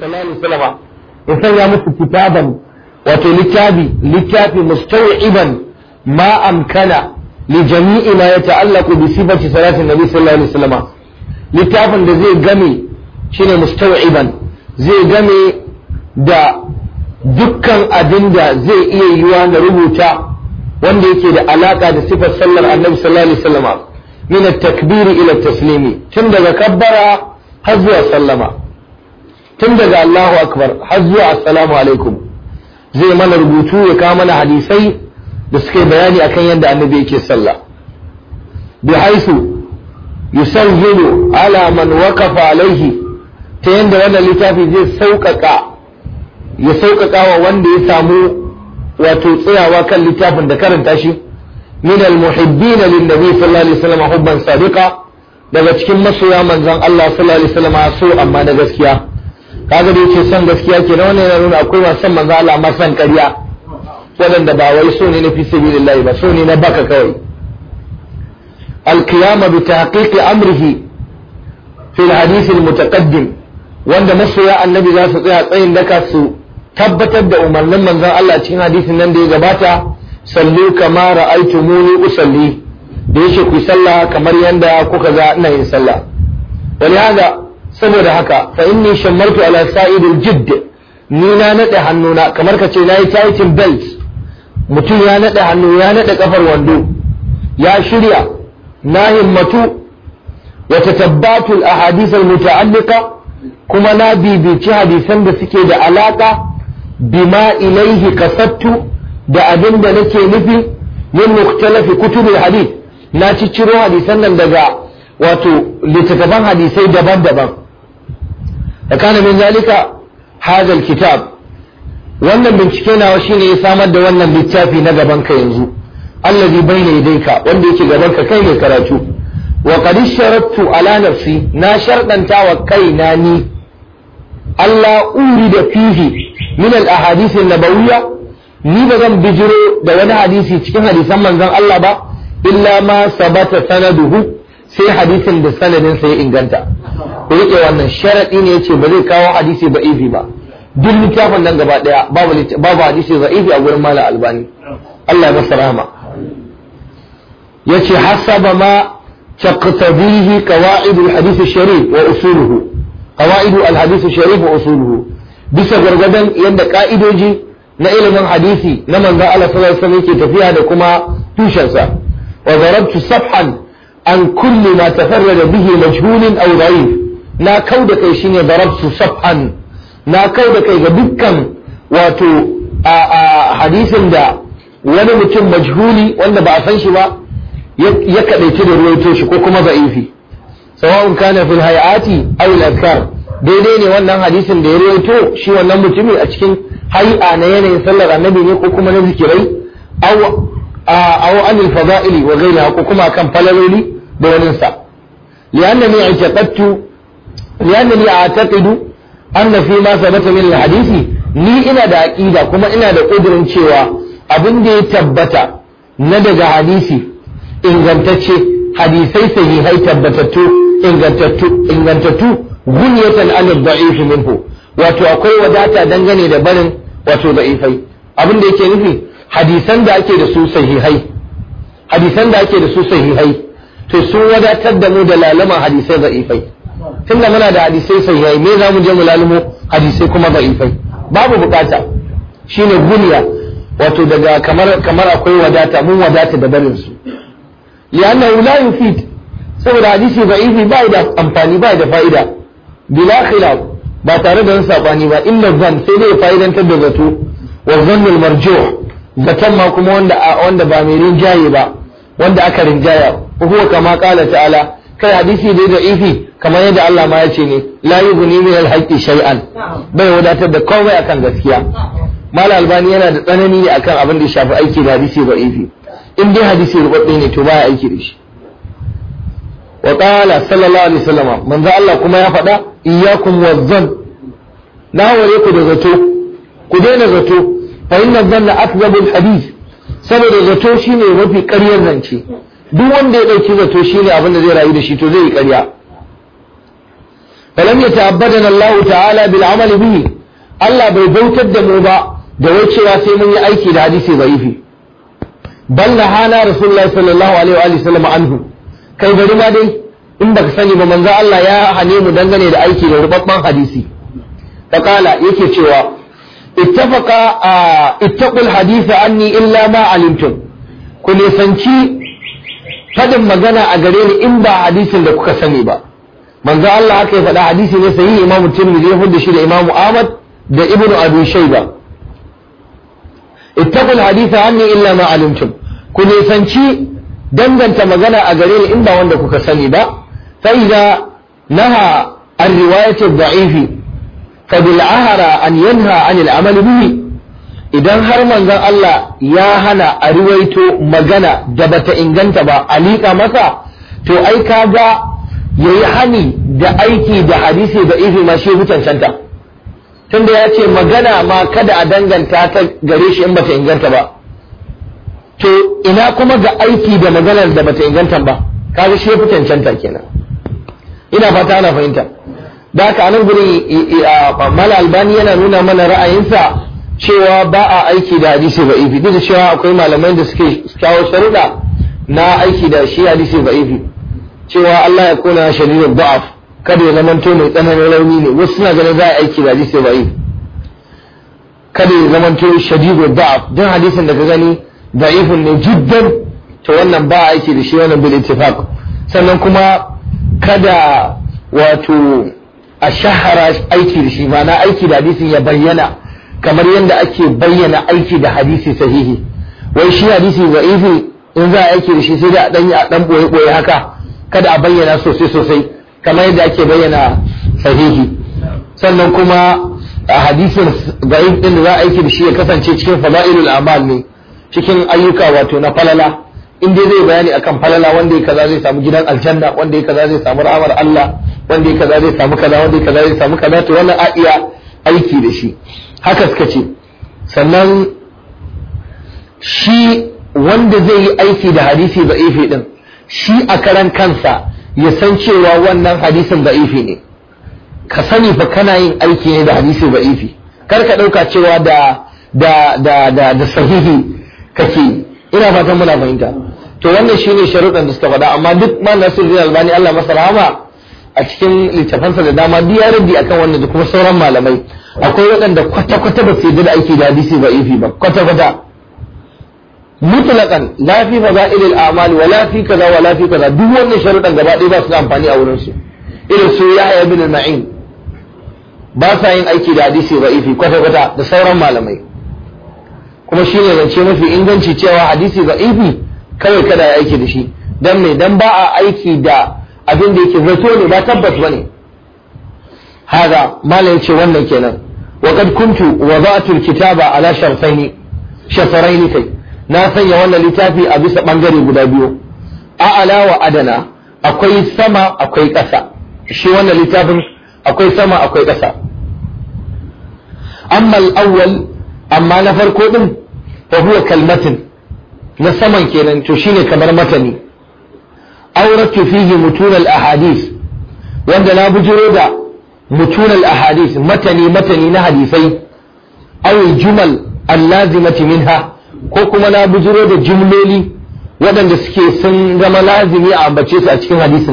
sallallahu alaihi ya sanya musu kitaban wato littafi littafi mustawiban ma amkana li jami'i ma yata'allaqu bi sifati salatin nabi sallallahu alaihi wasallam littafin da zai game shine mustawiban zai game da dukkan abin da zai iya yiwa na rubuta wanda yake da alaka da sifar sallar annabi sallallahu alaihi wasallam min at ila at tun daga kabbara har zuwa sallama tun daga Allahu akbar har zuwa assalamu alaikum zai mana rubutu ya kawo mana hadisai da suke bayani akan yadda annabi yake sallah bi haisu yusawwilu ala man waqafa alaihi ta yadda wannan littafi zai sauƙaƙa ya sauƙaƙa wa wanda ya samu wato tsayawa kan littafin da karanta shi min muhibbin lin nabi sallallahu alaihi wasallam hubban sadiqa daga cikin masoya manzon Allah sallallahu alaihi wasallam so amma na gaskiya kaga da yake son gaskiya ke wannan yana nuna akwai wasan maza manzo Allah son ƙarya waɗanda ba wai so ne na fi sabilillahi ba so ne na baka kawai alqiyama bi tahqiqi amrihi fi alhadith almutaqaddim wanda masoya annabi za su tsaya tsayin daka su tabbatar da umarnin manzan Allah cikin hadisin nan da ya gabata sallu kama ra'aytumuni usalli da yake ku sallah kamar yanda kuka ga ina yin sallah wani haka saboda haka fa inni shammartu ala sa'idul jidd ni na nade hannuna kamar ka ce nayi tightin belt mutum ya nade hannu ya nade kafar wando ya shirya na himmatu wa tatabbatu al ahadith al muta'alliqa kuma na bibici hadisan da suke da alaka bima ilaihi kasattu da abin da nake nufi min mukhtalafi kutubul hadith na ci ciro hadisan nan daga wato littattafan hadisai daban-daban da kana min zalika wannan bincike nawa shine ya samar da wannan littafi na gaban ka yanzu allazi baina ka wanda yake gaban ka kai mai karatu wa qad sharattu ala nafsi na shardanta wa kaina ni Allah da fihi min al ahadith an nabawiyya ni ba zan bijiro da wani hadisi cikin hadisan manzon Allah ba illa ma sabata sanaduhu sai hadisin da sanadin ya inganta ku rike wannan sharaɗi ne ce ba zai kawo hadisi ba ifi ba duk littafin nan gaba daya babu hadisi ba ifi a gurin mala albani Allah ya masa yace hasaba ma تقتضيه قواعد الحديث الشريف وأصوله قواعد bisa gargadan yadda ka'idoji na ilimin hadisi na manzo Allah sallallahu alaihi wasallam yake tafiya da kuma tushensa wa darabtu safhan an kulle ma da bihi majhulin aw da'if na kauda kai shine darabtu sab'an na kauda kai ga dukkan wato a hadisin da wani mutum majhuli wanda ba a san shi ba ya kadaici da ruwaito shi ko kuma za'ifi sawa'un kana fil hayati aw al daidai ne wannan hadisin da ya ruwaito shi wannan mutumi a cikin hay'a na yanayin sallar annabi ne ko kuma na zikirai aw aw anil fada'ili wa ghayriha ko kuma kan falaloli da waninsa li'annani i'taqadtu li'annani a'taqidu anna fi ma sabata min hadisi ni ina da aƙida. kuma ina da kudurin cewa abin da ya tabbata na daga hadisi ingantacce hadisai sahihai tabbatattu ingantattu ingantattu gunyatan an da'if minhu wato akwai wadata dangane da barin wato da'ifai abin da yake nufi hadisan da ake da su sahihai hadisan da ake da su sahihai to sun wadatar da mu da lalama hadisai ifai tun da muna da hadisai sahihai me za mu je mu lalumo hadisai kuma zaifai babu bukata shine guniya wato daga kamar kamar akwai wadata mun wadata da barin su yana la yufid saboda hadisi za'ifi ba da amfani ba da fa'ida bila khilaf ba tare da sabani ba inna zan sai dai fa'idantar da zato wa zannul marjuh zaton ma kuma wanda wanda ba mai rinjaye ba wanda aka rinjaya huwa kama qala ta'ala kai hadisi dai da ifi kamar yadda Allah ma ya ce ne la yughni min al-haqqi shay'an bai wadatar da komai akan gaskiya mal albani yana da tsanani ne akan abin da shafi aiki da hadisi da ifi in dai hadisi rubabbe ne to baya aiki da shi wa qala sallallahu alaihi wasallam manzo Allah kuma ya faɗa iyyakum wazzan na hore ku da zato ku daina zato fa inna dhanna akdhabul hadith saboda zato shine mafi ƙaryar zance duk wanda ya ɗauki zato ne abin da zai rayu da shi to zai yi ƙarya falam ya ta'abbadan Allah ta'ala bil amali bihi Allah bai bautar da mu ba da cewa sai mun yi aiki da hadisi zaifi bal nahana rasulullahi sallallahu alaihi wa sallam anhu kai bari ma dai in baka sani ba manzo Allah ya hane mu dangane da aiki da rubabban hadisi faqala yake cewa ittafaqa ittaqul hadisa anni illa ma alimtum ku nisanci fadin magana a gare ni in ba hadisin da kuka sani ba manzo Allah haka ya faɗa hadisi ne sai Imam Tirmidhi ya fudda shi da Imam Ahmad da Ibn Abi Shayba ittaqul haditha anni illa ma alimtum ku ne sanci danganta magana a gare ni in ba wanda kuka sani ba fa idza naha ar-riwayat ad-da'ifi الرواية الضعيف فبالعهر أن ينهى عن العمل bihi idan har manzon Allah ya hana a ruwaito magana da bata inganta ba a liƙa masa to ai ka ya yayi hani da aiki da hadisi da ifi ma shi canta? tunda ya ce magana ma kada a danganta ta gare shi in bata inganta ba to ina kuma ga aiki da maganar da bata inganta ba ga shi hutan cancanta kenan ina fata ana fahimta da haka anan gurin mala albani yana nuna mana ra'ayinsa cewa ba a aiki da hadisi da'ifi duk da cewa akwai malamai da suke kawo sharuɗa na aiki da shi hadisi da'ifi cewa Allah ya kona shari'ar Ba'af kada ya to mai tsananin rauni ne wasu suna ganin za a aiki da hadisi da'ifi kada ya to shadidu Ba'af don hadisin da ka gani da'ifun ne jiddan to wannan ba a aiki da shi wannan bil ittifaq sannan kuma kada wato a shahara aiki da shi na aiki da hadisin ya bayyana kamar yadda ake bayyana aiki da hadisi sahihi wai shi hadisi za'ifi in za a aiki da shi sai da a dan boye boye haka kada a bayyana sosai sosai kamar yadda ake bayyana sahihi sannan kuma a hadisin da'if din da za a aiki da shi ya kasance cikin fada'ilul amal ne cikin ayyuka wato na falala in dai zai bayani akan falala wanda ya kaza zai samu gidan aljanna wanda ya kaza zai samu rahmar Allah wanda ya kaza zai samu kaza wanda ya kaza zai samu kaza to wannan a iya aiki da shi haka suka ce sannan shi wanda zai yi aiki da hadisi ife din shi a karan kansa ya san cewa wannan hadisin ife ne ka sani fa kana yin aiki ne da hadisi ife kar ka ɗauka cewa da da da da da sahihi kake ina fatan muna fahimta to wannan shine sharuɗan da suka faɗa amma duk ma Nasiruddin Albani Allah masa rahama a cikin littafansa da dama duk ya akan wannan da kuma sauran malamai akwai waɗanda kwata-kwata ba su da aiki da hadisi ba ifi ba kwata-kwata mutlaqan la fi al a'mal wa la fi kaza wa la fi kaza duk wannan sharuɗan gaba ɗaya ba su amfani a wurin su irin su ya ibn na'im ba sa yin aiki da hadisi ba ifi kwata-kwata da sauran malamai kuma shi ne zance mafi inganci cewa hadisi ba ifi kawai kada ya aiki da shi dan me dan ba a aiki da abin da yake zato ne ba tabbas bane ne haza ya ce wannan kenan wa kad kuntu wada'tu alkitaba ala sharfaini shafaraini kai na sanya wannan littafi a bisa bangare guda biyu a'ala wa adana akwai sama akwai ƙasa shi wannan littafin akwai sama akwai ƙasa amma al-awwal amma na farko din fa huwa kalmatin na saman kenan to shine kamar matani auratu fihi mutunal ahadith wanda na bujiro da متون الأحاديث متني متني نهديثي أو الجمل اللازمة منها كوكما نابجرو دا جملولي ودن دسكي سن زما لازمي أعبتشيس أتكين حديث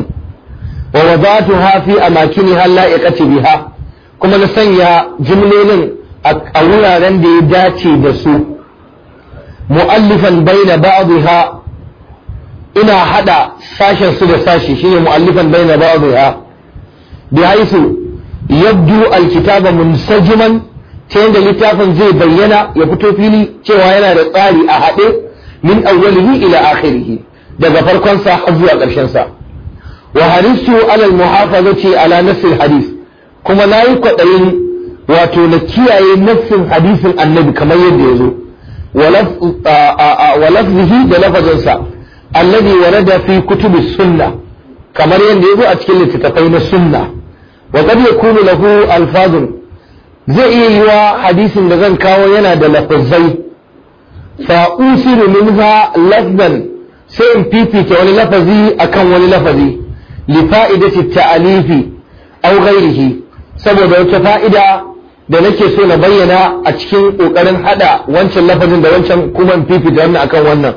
ووضعتها في أماكنها اللائقة بها كما نسنيا جملولين أولا رندي داتي دسو مؤلفا بين بعضها ina hada sashen su da sashi shine mu'allifan bayna ba'dha bihaisu yabdu alkitaba munsajiman ta yadda littafin zai bayyana ya fito fili cewa yana da tsari a haɗe min awwalihi ila akhirihi daga farkon sa har zuwa ƙarshen sa wa harisu alal muhafazati ala nasl hadith kuma nayi kwaɗayin wato na kiyaye nassin hadisin annabi kamar yadda ya zo wa lafzihi da lafazinsa annabi warada fi kutubi sunna kamar yadda ya zo a cikin littattafai na sunna wa qad yakunu lahu alfazun zai iya yiwa hadisin da zan kawo yana da lafazai fa usiru minha lafzan sai in fifita wani lafazi akan wani lafazi li fa'idati alifi, aw ghairihi saboda wata fa'ida da nake so na bayyana a cikin ƙoƙarin haɗa wancan lafazin da wancan kuma in fifita wannan akan wannan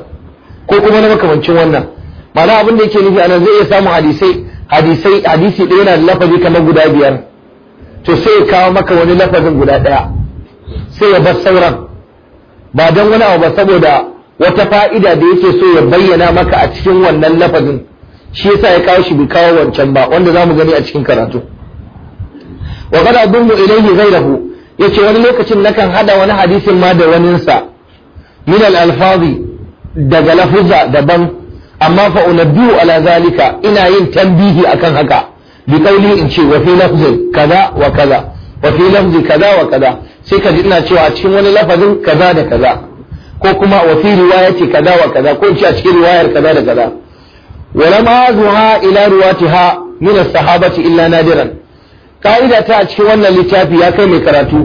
ko kuma na makamancin wannan ma'ana abin da yake nufi anan zai iya samun hadisai hadisai hadisi ɗaya yana lafazi kamar guda biyar to sai ya kawo maka wani lafazin guda ɗaya sai ya bar sauran ba don wani abu ba saboda wata fa'ida da yake so ya bayyana maka a cikin wannan lafazin shi yasa ya kawo shi bai kawo wancan ba wanda zamu gani a cikin karatu wa kada zai ilayhi ghayrahu yace wani lokacin nakan hada wani hadisin ma da waninsa min al-alfazi daga lafuza daban amma fa unabbihu ala zalika ina yin tambihi akan haka bi qawli in ce wa fi lafzin kaza wa kaza wa fi lafzi kaza wa kaza sai ka ji ina cewa a cikin wani lafazin kaza da kaza ko kuma wa fi riwayati kaza wa kaza ko ce a cikin riwayar kaza da kaza wa lam azuha ila riwatiha min as-sahabati illa nadiran ka'ida ta a cikin wannan littafi ya kai mai karatu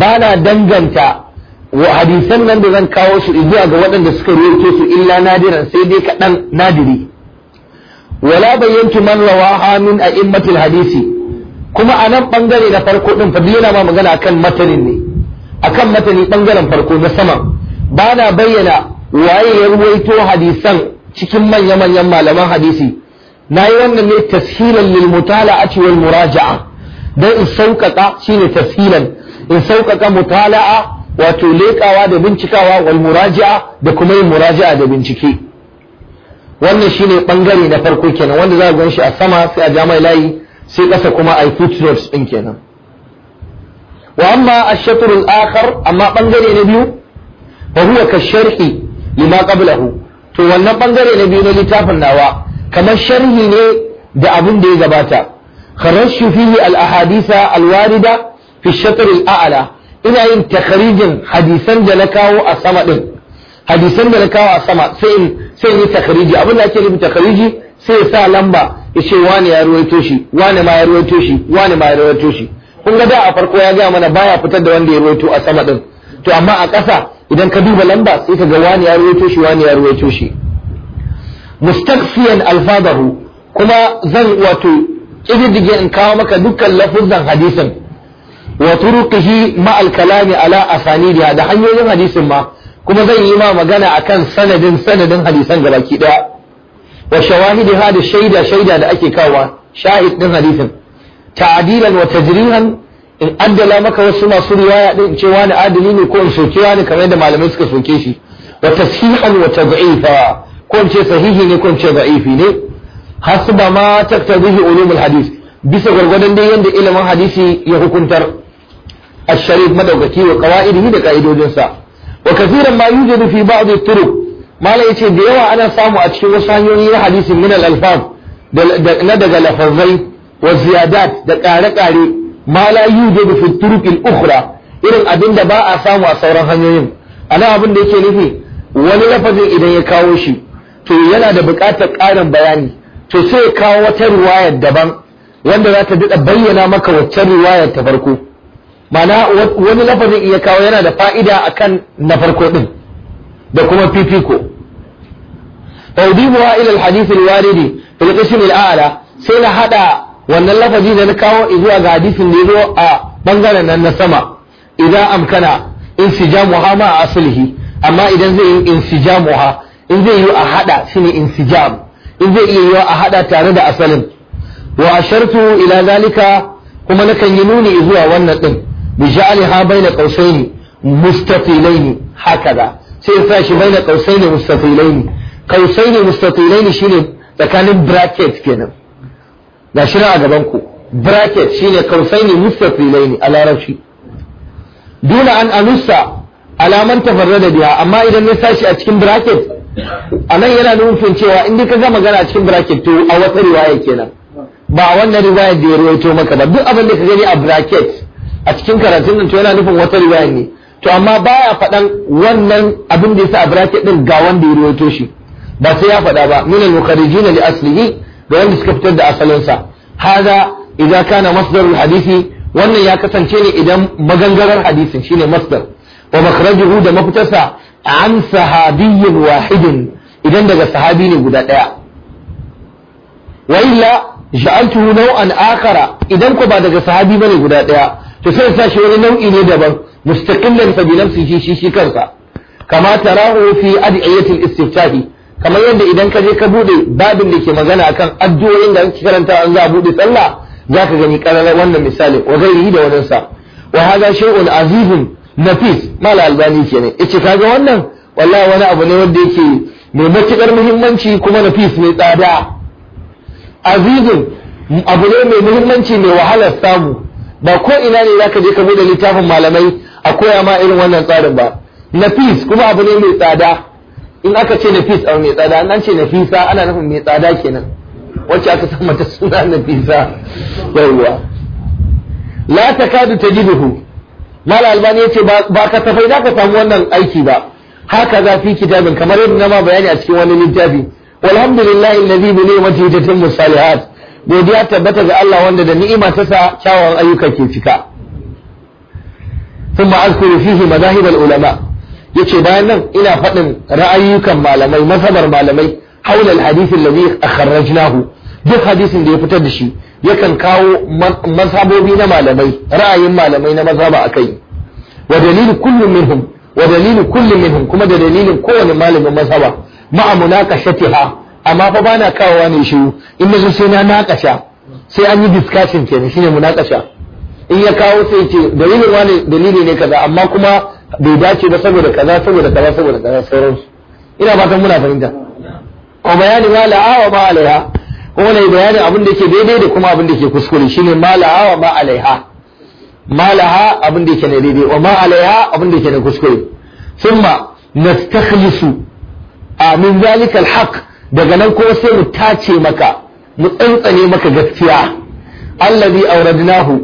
bana danganta wa hadisan nan da zan kawo su zuwa ga waɗanda suka ruwaito su illa nadiran sai dai kaɗan nadiri wala bayyantu man rawaha min a'immatil hadisi kuma a nan bangare na farko din fa yana ma magana akan matanin ne akan matanin bangaren farko na sama ba na bayyana waye ya ruwaito hadisan cikin manya-manyan malaman hadisi na yi wannan ne tashilan lil mutala'ati wal muraja'a Don in sauƙaƙa shine tashilan in sauƙaƙa mutala'a wato leƙawa da bincikawa wal muraji'a da kuma yin muraji'a da bincike wannan shine bangare na farko kenan wanda za a gan shi a sama sai a jama'i layi sai ƙasa kuma a yi footnotes ɗin kenan wa amma ash-shatr al-akhar amma bangare na biyu fa huwa ka-sharhi lima qablahu to wannan bangare na biyu na littafin nawa kamar sharhi ne da abin da ya gabata kharajtu fihi al-ahadisa al-warida fi ash-shatr al-a'la ina yin takarijin hadisan da na kawo a sama din hadisan da na kawo a sama sai in sai yi takariji abin da ake nufi takariji sai ya sa lamba ya ce wani ya ruwaito shi wani ma ya ruwaito shi wani ma ya ruwaito shi kun ga da a farko ya gaya mana baya fitar da wanda ya ruwaito a sama din to amma a ƙasa idan ka duba lamba sai ka ga wani ya ruwaito shi wani ya ruwaito shi mustaqsiyan alfadahu kuma zan wato kididdige in kawo maka dukkan lafuzan hadisin wa turuqihi ma al-kalami ala asanidiha da hanyoyin hadisin ma kuma zan yi ma magana akan sanadin sanadin hadisan gabaki daya wa shawahidiha da shaida shaida da ake kawa shahid din hadisin ta'dilan wa tajrihan in addala maka wasu masu riwaya din ce wani adili ne ko in soke wani kamar yadda malamai suka soke shi wa tashihan wa tad'ifa ko in ce sahihi ne ko in ce da'ifi ne hasba ma taktabihi ulumul hadis bisa gwargwadon dai yadda ilimin hadisi ya hukuntar الشريف مدوكتي وقوائده دا قائدو جنسا وكثيرا ما يوجد في بعض الطرق ما لا يتي ديوا أنا سامو أتشي وصانيوني حديث من الألفاظ ندق لفظي والزيادات دا قاري قاري ما لا يوجد في الطرق الأخرى إذن أبن دا باء سامو أصورا هنيوين أنا أبن دي كيلفي wani lafazin idan ya kawo shi to yana da buƙatar ƙarin bayani to sai ya kawo wata riwayar daban wanda za ta daɗa bayyana maka waccan riwayar ta farko mana wani lafazin iya kawo yana da fa'ida kan na farko ɗin da kuma fifiko tawdibuha ila alhadith waridi fil qism al'ala sai na haɗa wannan lafazi da na kawo zuwa ga hadisin da yazo a bangaren nan na sama idan amkana insijamuha ma aslihi amma idan zai yi insijamuha in zai yi a haɗa shi ne in zai iya yiwa a haɗa tare da asalin wa shartu ila zalika kuma nakan yi nuni zuwa wannan ɗin. bij'alha baina qausaini mustaqilaini hakaza sai ya sa shi baina qausaini mustaqilaini qausaini mustaqilaini shine tsakanin bracket kenan ga shi a gaban ku bracket shine qausaini mustaqilaini a larabci duna an anussa alaman tafarrada biya amma idan ya sa shi a cikin bracket a nan yana nufin cewa in ka ga magana a cikin bracket to a kenan ba wannan riwaya da ya rawaito maka ba duk abin da ka gani a bracket a cikin karatun nan to yana nufin wata riwaya ne to amma baya faɗan wannan abin da yasa a bracket din ga wanda ya riwayo shi ba sai ya faɗa ba min al-muqarrijin li aslihi ga wanda suka fitar da asalin sa hada idan kana masdarul hadisi wannan ya kasance ne idan magangarar hadisin shine masdar wa makhrajuhu da mafitarsa an sahabiyyin wahidin idan daga sahabi ne guda ɗaya wa illa ja'altuhu nau'an akhara idan ko ba daga sahabi bane guda ɗaya to sai sa shi wani nau'i ne daban mustaqillan fa bi nafsihi shi shi kansa kama tarahu fi ad'iyati al kamar yadda idan ka je ka bude babin da ke magana akan addu'o'in da ake karanta an za a bude sallah zaka gani kararar wannan misali wa gairihi da wannan sa wa hadha shay'un azizun nafis mala albani kenan yace kaga wannan wallahi wani abu ne wanda yake mai matukar muhimmanci kuma nafis mai tsada azizun abu ne mai muhimmanci mai wahalar samu ba ko ina ne zaka je ka bude littafin malamai a koya ma irin wannan tsarin ba nafis kuma abu ne mai tsada in aka ce nafis abu mai tsada an ce nafisa ana nufin mai tsada kenan wacce aka san mata suna nafisa yawwa la takadu tajiduhu mal albani yace ba ka tafai zaka samu wannan aiki ba haka za fi kitabin kamar yadda na ma bayani a cikin wani littafi walhamdulillahi alladhi bi ni'matihi tatimmu salihat godiya tabbata ga Allah wanda da ni'ima ta sa kyawawan ayyuka ke cika thumma azkuru fihi madahib ulama yace bayan nan ina faɗin ra'ayyukan malamai masabar malamai haula al-hadith alladhi akhrajnahu duk hadisin da ya fitar da shi yakan kawo mazhabobi na malamai ra'ayin malamai na mazhaba akai wa dalil kullum minhum wa dalil kullum minhum kuma da dalilin kowane malamin mazhaba ma'a munaqashatiha amma fa ba na kawowa ne shiru in na sai na nakasha sai an yi discussion kenan shine munakasha in ya kawo sai ce dalilin wani dalili ne kaza amma kuma bai dace ba saboda kaza saboda kaza saboda kaza sauransu ina fatan muna fahimta wa bayani ma la'awa ma alaiha kuma ne bayanin abin da ke daidai da kuma abin da ke kuskure shine ma la'awa ma alaiha ma laha abin da yake na daidai wa ma alaiha abin da yake na kuskure thumma nastakhlisu a min zalika alhaq daga nan kuma sai mu tace maka mu tsantsane maka gaskiya allazi auradnahu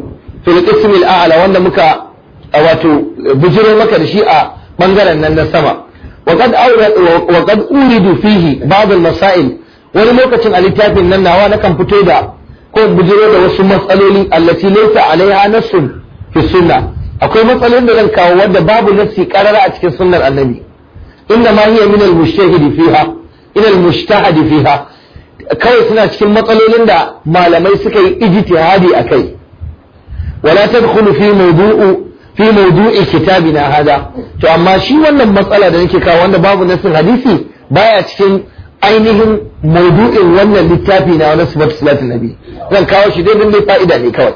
fil qism a'la wanda muka wato bijiro maka da shi a bangaren nan na sama wa qad awrad wa qad uridu fihi ba'd al masail wani lokacin a littafin nan nawa nakan fito da ko bijiro da wasu matsaloli allati laysa alaiha nassun fi sunna akwai matsalolin da zan kawo wanda babu nassi karara a cikin sunnar annabi inda ma hiya min al mushtahidi fiha ilal mujtahadi fiha kawai suna cikin matsalolin da malamai suka yi ijtihadi akai wala tadkhulu fi mawdu'u fi mawdu'i kitabina hada to amma shi wannan matsala da nake kawo wanda babu nasin hadisi baya cikin ainihin mawdu'in wannan littafi na wani sifat salatin nabi zan kawo shi dai dai fa'ida ne kawai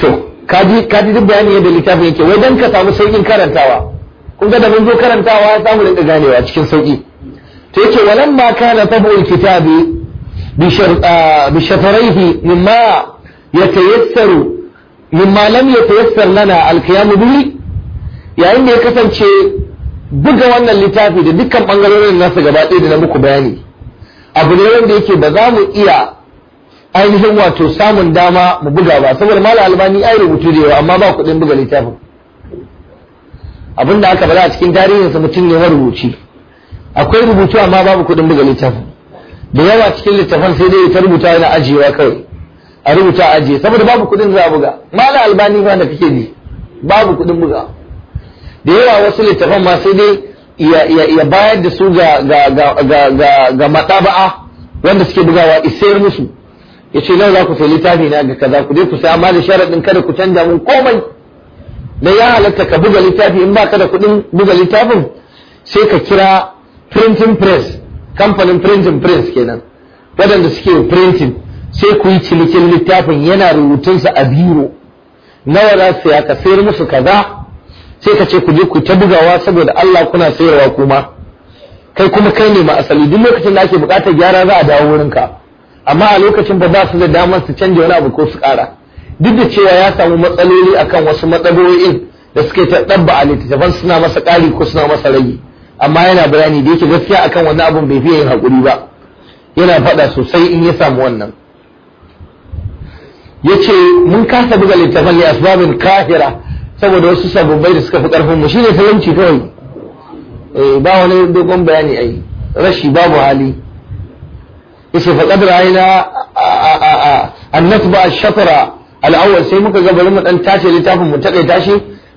to kaji kaji duk bayani yadda littafin yake wai dan ka samu saukin karantawa kun ga da mun zo karantawa ya samu da ganewa cikin sauki to yake walan ma kana tabu kitabi bi shataraihi mimma yatayassaru mimma lam yatayassar lana na bihi yayin da ya kasance buga wannan littafi da dukkan bangarorin nasu gaba ɗaya da na muku bayani abu ne wanda yake ba za mu iya ainihin wato samun dama mu buga ba saboda malam albani ai rubutu da yawa amma ba kuɗin buga littafin Abin da aka bala a cikin tarihinsa mutum ne marubuci akwai rubutu amma babu kuɗin buga littafin da yawa cikin littafan sai dai ta rubuta yana ajiyewa kawai a rubuta ajiye saboda babu kuɗin za a buga mala albani ba da kake ni. babu kuɗin buga da yawa wasu littafan ma sai dai ya bayar da su ga ga mataba'a wanda suke bugawa isayar musu ya ce nawa za ku sai littafi na ga kaza ku je ku sai amma da sharaɗin kada ku canja mun komai da ya halatta ka buga littafi in baka da kuɗin buga littafin sai ka kira printing press kamfanin printing press kenan waɗanda suke printing sai ku yi cinikin littafin yana rubutunsa a biro nawa za su ka sayar musu kaza sai ka ce ku je ku ta bugawa saboda Allah kuna sayarwa kuma kai kuma kai ne ma asali duk lokacin da ake buƙatar gyara za a dawo wurinka amma a lokacin ba za su da damar su canja wani abu ko su ƙara duk da cewa ya samu matsaloli akan wasu matsalolin da suke ta dabba a littattafan suna masa ƙari ko suna masa rage amma yana bayani da yake gaskiya akan wani abun bai fiye yin haƙuri ba yana faɗa sosai in ya samu wannan ya ce mun kasa buga littafan ne asbabin kahira saboda wasu sababbai da suka fi ƙarfin mu shine talauci kawai eh, ba wani dogon bayani ai rashi babu hali yace fa qadra aina annatba ash-shatra al'awwal sai muka ga bari mu dan tace littafin mu take tashi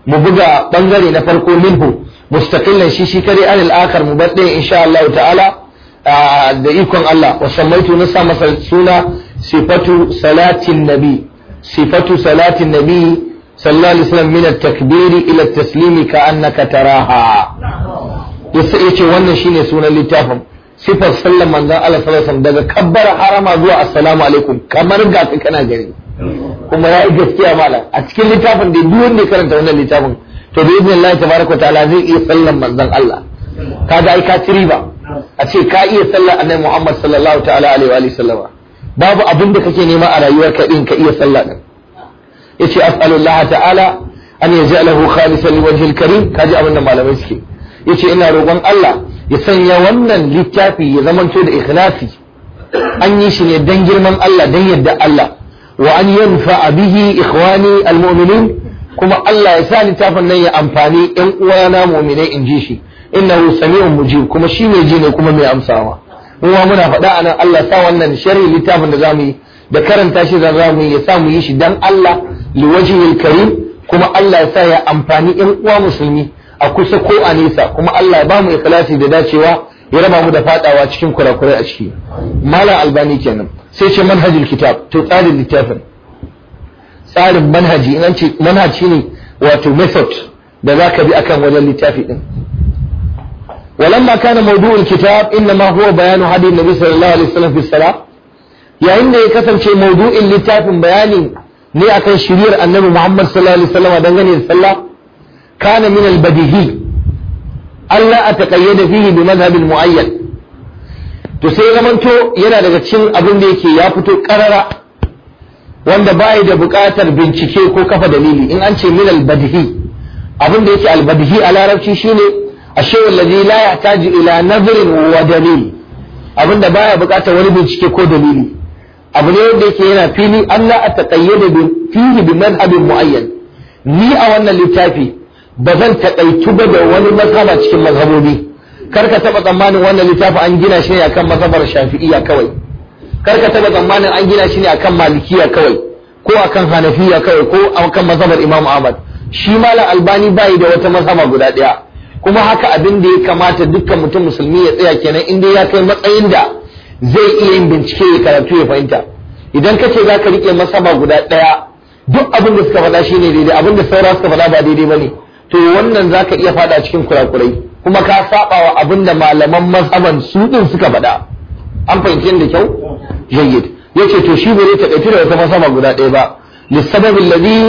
mu buga ɓangare na farko minhu mustaqillan shi shi kare anil akhar mu bar insha Allah ta'ala da ikon Allah wa sammaitu nasa masa suna sifatu salatin nabi sifatu salatin nabi sallallahu alaihi wasallam min at-takbiri ila at-taslimi ka annaka taraha yasa yace wannan shine sunan littafin sifar sallan manzon Allah sallallahu alaihi wasallam daga kabbar harama zuwa assalamu alaikum kamar ga kana gari kuma ya yi gaskiya a cikin littafin da duk wanda ya karanta wannan littafin to da ibn Allah tabaraka ta'ala zai iya sallan manzon Allah kaga ai ka ci riba a ce ka iya sallar annabi Muhammad sallallahu ta'ala alaihi wa sallama babu abin da kake nema a rayuwarka din ka iya sallah din yace as'alullah ta'ala an yaj'alahu khalisan liwajhil karim kaji abin da malamai suke yace ina roƙon Allah ya sanya wannan littafi ya zamanto da ikhlasi an yi shi ne dan girman Allah dan yadda Allah wa an a bihi ikwani almu'minin kuma Allah ya sa littafin nan ya amfani ƴan uwana mu'minai in ji shi innahu sami'un mujib kuma shi ne ji ne kuma mai amsawa mu ma muna faɗa anan Allah sa wannan sharhi littafin da za mu yi da karanta shi da zamu ya sa mu yi shi dan Allah liwajhil karim kuma Allah ya sa ya amfani ƴan uwa musulmi a kusa ko a nesa kuma Allah ya ba mu ikhlasi da dacewa ya raba mu da faɗawa cikin kurakurai a ciki malam albani kenan sai ce manhajul kitab to tsarin littafin tsarin manhaji in an ce manhaj ne wato method da zaka bi akan wajen littafi din ولما كان موضوع الكتاب انما هو بيان هدي النبي صلى الله عليه وسلم في الصلاه yayin da ya kasance maudu'in littafin bayani ne akan shiriyar annabi Muhammad sallallahu alaihi wasallam dangane da sallah kana min al Allah alla ataqayyada fihi bi madhhab al to sai zamanto yana daga cikin abin da yake ya fito karara wanda bai da buƙatar bincike ko kafa dalili in an ce min albadhi abin da yake albadhi a larabci shine ashewa alladhi la yahtaji ila nazrin wa dalil abin da baya buƙatar wani bincike ko dalili abu ne wanda yake yana fili Allah a taƙayyade fihi bi madhhabin muayyan ni a wannan littafi ba zan taƙaitu ba da wani mazhaba cikin mazhabobi kar ka taba tsammanin wannan littafi an gina shi ne akan mazhabar shafi'iyya kawai kar ka taba tsammanin an gina shi ne akan malikiya kawai ko akan hanafiya kawai ko akan mazhabar imam ahmad shi malam albani bai da wata mazhaba guda daya kuma haka abin da ya kamata dukkan mutum musulmi ya tsaya kenan inda ya kai matsayin da zai iya yin bincike ya karatu ya fahimta idan kace zaka rike mazhaba guda daya duk abin da suka faɗa shine daidai abin da saura suka faɗa ba daidai bane to wannan zaka iya faɗa cikin kurakurai kuma ka saba wa abin da malaman mazhaban su din suka faɗa an fahimci da kyau jayyid yace to shi bai ta dauki da wata mazhaba guda ɗaya ba lissababi alladhi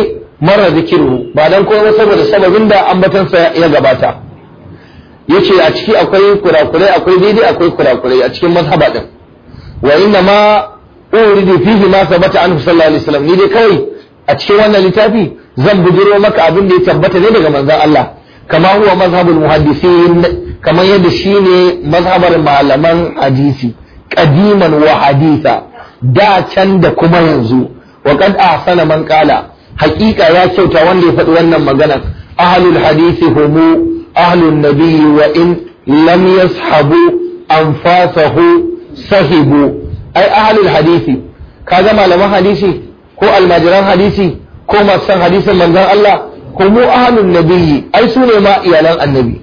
marra dhikruhu ba dan komai saboda sababin da ambatan sa ya gabata yace a ciki akwai kurakurai akwai daidai akwai kurakurai a cikin mazhaba din wa inna ma uridu fihi ma sabata anhu sallallahu alaihi wasallam ni dai kawai a cikin wannan littafi zan bujiro maka abin da ya tabbata ne daga manzon Allah kamar huwa mazhabul muhaddisin kamar yadda shine mazhabar malaman hadisi ƙadiman wa haditha da can da kuma yanzu wa qad ahsana man qala haqiqa ya kyauta wanda ya faɗi wannan magana ahlul hadisi humu ahlun nabiyyi wa in lam yashabu anfasahu sahibu ai ahlul hadisi kaga malaman hadisi ko almajiran hadisi ko masu san hadisin manzon Allah humu ahlun nabiyyi ai su ne ma iyalan annabi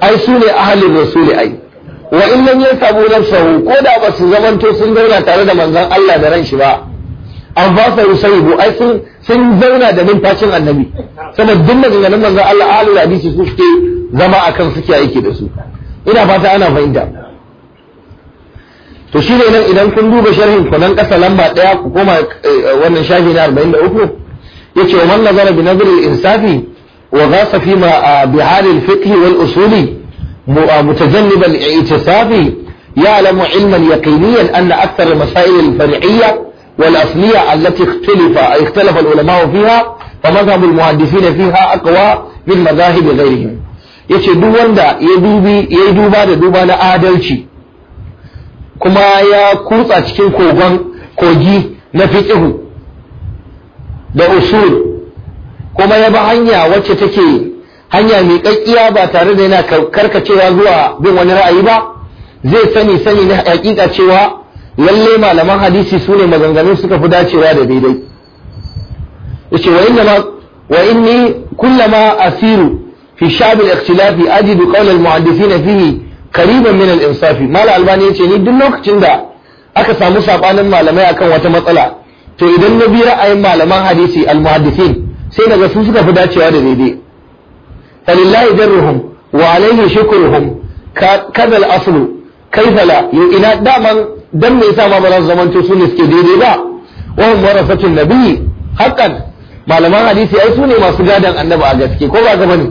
ai su ne mai rasuli ai wa in lam yansabu nafsahu ko da ba su zamanto sun zauna tare da manzon Allah da ran shi ba an ba sa yusayibu ai sun sun zauna da numfashin annabi saboda duk maganganun manzon Allah ahlul hadisi su suke zama akan suke aiki da su ina fata ana fahimta to shi ne nan idan kun duba sharhin ku nan kasa lamba ɗaya ku koma eh, wannan shafi na 43 yace wa man nazara bi nazar al-insafi wa ghasa fi ma bihal al-fiqh wal usuli متجنب الاعتصاب يعلم علما يقينيا أن أكثر المسائل الفرعية والأصلية التي اختلف اختلف العلماء فيها فمذهب المحدثين فيها أقوى من مذاهب غيرهم yace duk wanda ya dubi ya duba da duba na adalci kuma ya kutsa cikin kogon kogi na fiqihu da usul kuma ya ba hanya wacce take hanya mai kakkiya ba tare da yana karkacewa zuwa bin wani ra'ayi ba zai sani sani na hakika cewa lalle malaman hadisi su ne maganganun suka fi dacewa da daidai yace wa inna wa inni kullama asiru fi shabil al-ikhtilaf ajidu qawl al-muhaddithin fihi qariban min al-insaf mal albani yace ni duk lokacin da aka samu sabanin malamai akan wata matsala to idan na bi ra'ayin malaman hadisi almuhaddisin sai daga su suka fi dacewa da daidai falillahi jarruhum wa alaihi shukruhum kada al-aslu kaifa la yau ina daman dan me yasa ma ba za su zamanto su ne suke daidai ba wa hum warasatul nabiyyi haqqan malaman hadisi ai su ne masu gadan annabi a gaske ko ba gaba ne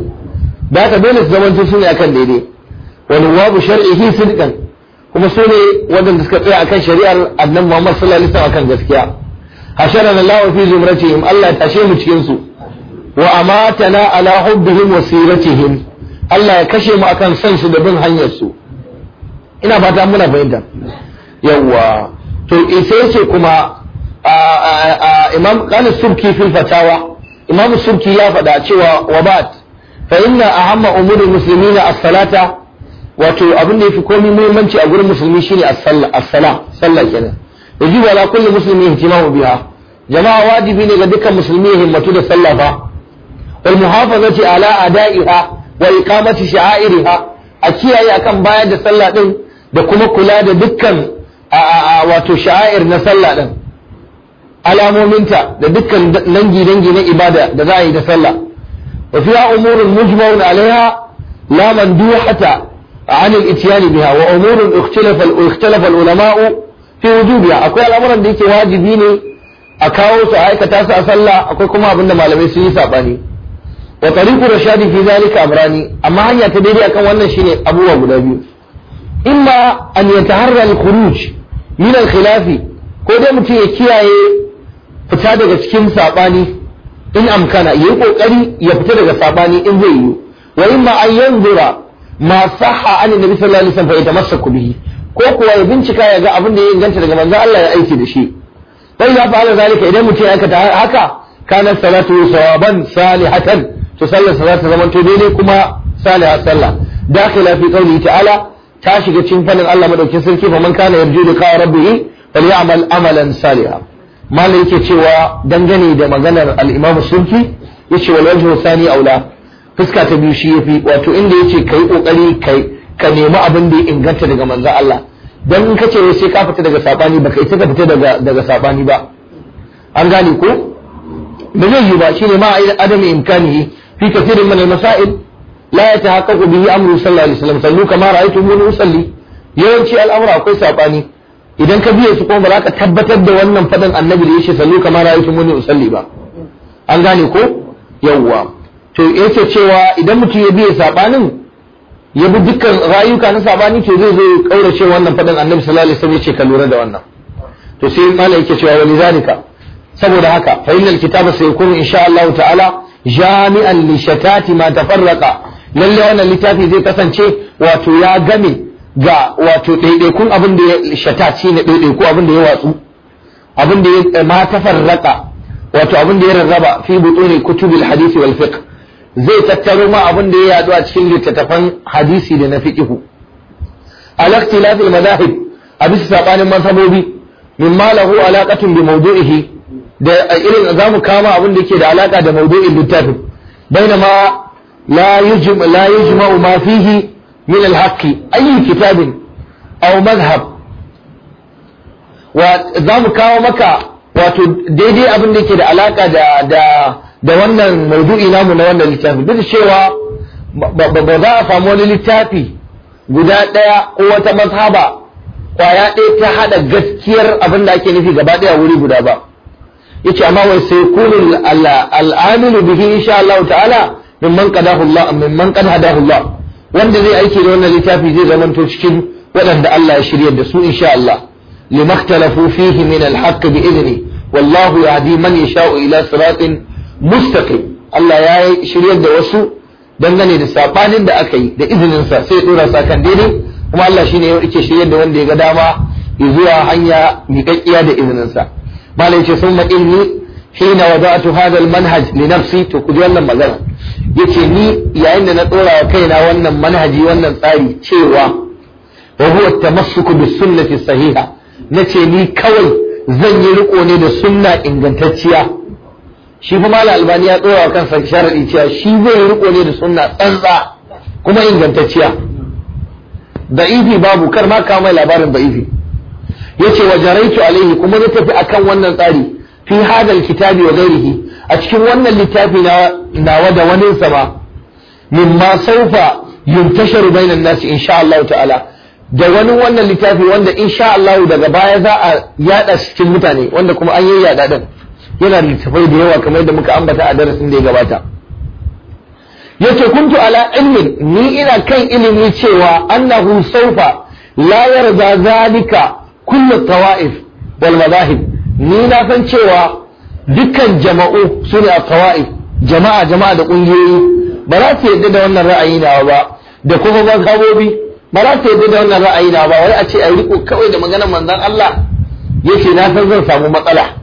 da ka dole su zamanto su ne akan daidai wa wabu shar'ihi sidqan kuma su ne waɗanda suka tsaya akan shari'ar annabi Muhammad sallallahu alaihi wasallam akan gaskiya hasharana Allah fi zumratihim Allah tashe mu cikin su wa amatana ala hubbihim wa siratihim Allah ya kashe mu akan san su da bin hanyar su ina fata muna fahimta yawa to sai ce kuma imam kana subki fil imam subki ya faɗa cewa wabat fa inna ahamma umuri muslimina as-salata wato abin da yafi komai muhimmanci a gurin musulmi shine as-salla as-salla sallah kenan yajibu ala kulli muslimin ihtimamu biha jama'a wajibi ne ga dukkan musulmi ya himmatu da sallah fa wal muhafazati ala ada'iha wa iqamati sha'airiha a kiyaye akan bayar da sallah din da kuma kula da dukkan wato sha'air na sallah din alamominta da dukkan dangi dangi na ibada da za a yi da sallah wa fiha umurun mujma'un alaiha la manduhata عن الاتيان بها وامور اختلف اختلف العلماء في وجوبها اكو الامر da yake wajibi ne a kawo su a aikata su a sallah akwai kuma abin da malamai sun yi saɓani. wa tariqu rashadi fi zalika amrani amma hanya ta daidai akan wannan shine abubuwa guda biyu imma an yataharra al-khuruj min al-khilafi ko dai mutum ya kiyaye fita daga cikin sabani in amkana yayi kokari ya fita daga sabani in zai yi wa imma an yanzura ma sahha an nabi sallallahu alaihi wasallam fa yatamassaku bihi ko kuwa ya bincika ya ga abin da ya inganta daga manzo Allah ya aiki da shi dan ya fa'ala zalika idan mutum ya aikata haka kana salatu sawaban salihatan to sallar sa za ta zama to daidai kuma Saliha sallah dakhila fi qawli ta'ala ta shiga cikin fannin Allah madaukin sarki fa man kana yarju liqa rabbih falyamal amalan Saliha." malai yake cewa dangane da maganar al-Imam Sunki yace wal wajhu thani aula fuska ta biyu shi yafi wato inda yace kai kokari kai ka nemi abin da ya inganta daga manzon Allah don in kace sai ka fita daga sabani baka isa ka fita daga daga sabani ba an gane ko da zai yi ba shine ma adami imkani fi kafirin min al-masail la yatahaqqaqu bihi amru sallallahu alaihi wasallam sallu kama ra'aytu mun usalli yawanci al'amura akwai sabani idan ka biye su kuma ba za ka tabbatar da wannan fadan annabi da yake sallu kama ra'aytu mun usalli ba an gane ko yawwa to yace cewa idan mutum ya biye sabanin ya bi dukkan rayuka na sabani to zai zo ya kaurace wannan faɗin annabi sallallahu alaihi wasallam yace ka lura da wannan to sai mala yake cewa wani zalika saboda haka fa innal kitaba sayakunu insha Allah ta'ala jami'an li shatati ma tafarraqa lalle wannan littafi zai kasance wato ya game ga wato daidaikun abin da ya shatati ne daidaiku abin da ya watsu abin da ya eh, ma tafarraqa wato abin da ya rarraba fi butuni kutubil hadisi wal fiqh zai tattaro ma abin da ya yaɗu a cikin littattafan hadisi da na fiqihu al-ikhtilaf al-madahib a bisa saɓanin mazhabobi mimma lahu alaqatun bi mawdu'ihi da irin za mu kama abin da yake da alaƙa da mawdu'in littafin bainama la yujma la yujma ma fihi min al-haqq ayi kitabin aw madhhab wa mu kawo maka wato daidai abin da yake da alaƙa da da da wannan maudu'i namu na wannan littafi duk cewa ba za a samu wani littafi guda ɗaya ko wata mazhaba kwaya ɗaya ta haɗa gaskiyar abin da ake nufi gaba ɗaya wuri guda ba yace amma wai sai kunul al'amilu bihi insha Allah ta'ala mimman qadahu Allah mimman qad hadahu Allah wanda zai aiki da wannan littafi zai zamanto cikin waɗanda Allah ya shirya da su insha Allah limaktalafu fihi min al-haqq bi idni wallahu yahdi man yasha'u ila siratin mustaqim Allah ya yi shiryar da wasu dangane da sabanin da aka yi da izininsa sa sai dora sa kan daidai kuma Allah shine ya yake shiryar da wanda ya ga dama zuwa hanya miƙaƙƙiya da izininsa. sa malai ce summa ni hina wada'tu hadal manhaj li nafsi to ku wannan magana yace ni yayin da na dora wa kaina wannan manhaji wannan tsari cewa wa huwa at-tamassuku bis-sunnati sahiha nace ni kawai zan yi riko ne da sunna ingantacciya shi fa malam albani ya tsora kan kansa sharadi cewa shi zai riko ne da sunna tsantsa kuma ingantacciya Ba'ifi babu kar ma kawo mai labarin Ya yace wa jaraitu alaihi kuma na tafi akan wannan tsari fi hadal kitabi wa ghairihi a cikin wannan littafi na nawa da wani sama? ba mimma saufa yuntasharu bainan nasi insha Allah ta'ala da wani wannan littafi wanda insha Allah daga baya za a yada cikin mutane wanda kuma an yi yada din yana da da yawa kamar da muka ambata a darasin da ya gabata yace kuntu ala ilmin ni ina kan ilimi cewa annahu sawfa la yarda zalika kullu tawaif wal madahib ni na san cewa dukkan jama'u a tawaif jama'a jama'a da kungiyoyi ba za su yadda da wannan ra'ayi na ba da kuma mazhabobi ba za su yadda da wannan ra'ayi na ba wai a ce a riko kawai da maganar manzon Allah yace na san zan samu matsala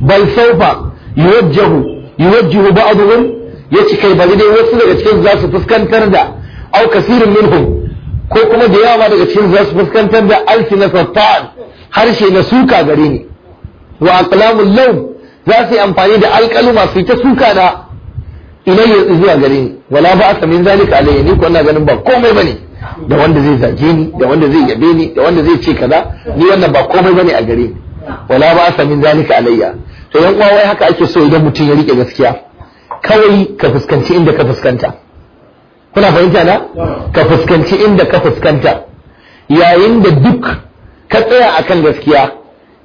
bal saufa yuwajjahu yuwajjihu ba'dhum yace kai bari dai wasu daga cikin za su fuskantar da au kasirun minhum ko kuma da yawa daga cikin za su fuskantar da alfi na harshe na suka gare ni wa aqlamul law za su yi amfani da alƙaluma su ta suka na ilayya zuwa gare ni wala ba aka min zalika alayya ni ko ina ganin ba komai bane da wanda zai zage ni da wanda zai yabe ni da wanda zai ce kaza ni wannan ba komai bane a gare ni wala ba a min zalika alayya to yan uwa wai haka ake so idan mutum ya rike gaskiya kawai ka fuskanci inda ka fuskanta kuna fahimta na ka fuskanci inda ka fuskanta yayin da duk ka tsaya akan gaskiya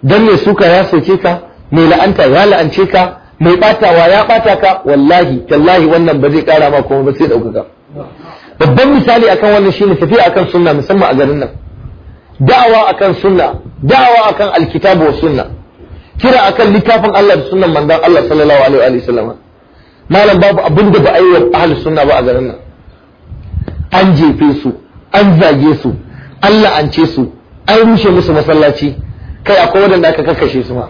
dan mai suka ya soke ka mai la'anta ya la'ance ka mai batawa ya bata ka wallahi tallahi wannan ba zai kara ma kuma ba sai ka babban misali akan wannan shine tafiya akan sunna musamman a garin nan da'awa akan sunna da'awa akan alkitabu wa sunna kira akan littafin Allah da sunnan manzon Allah sallallahu alaihi wa sallam malam babu abin da ba a yi wa ahli sunna ba a garin nan an jefe su an zage su an la'ance su an rushe musu masallaci kai akwai wanda aka kakkashe su ma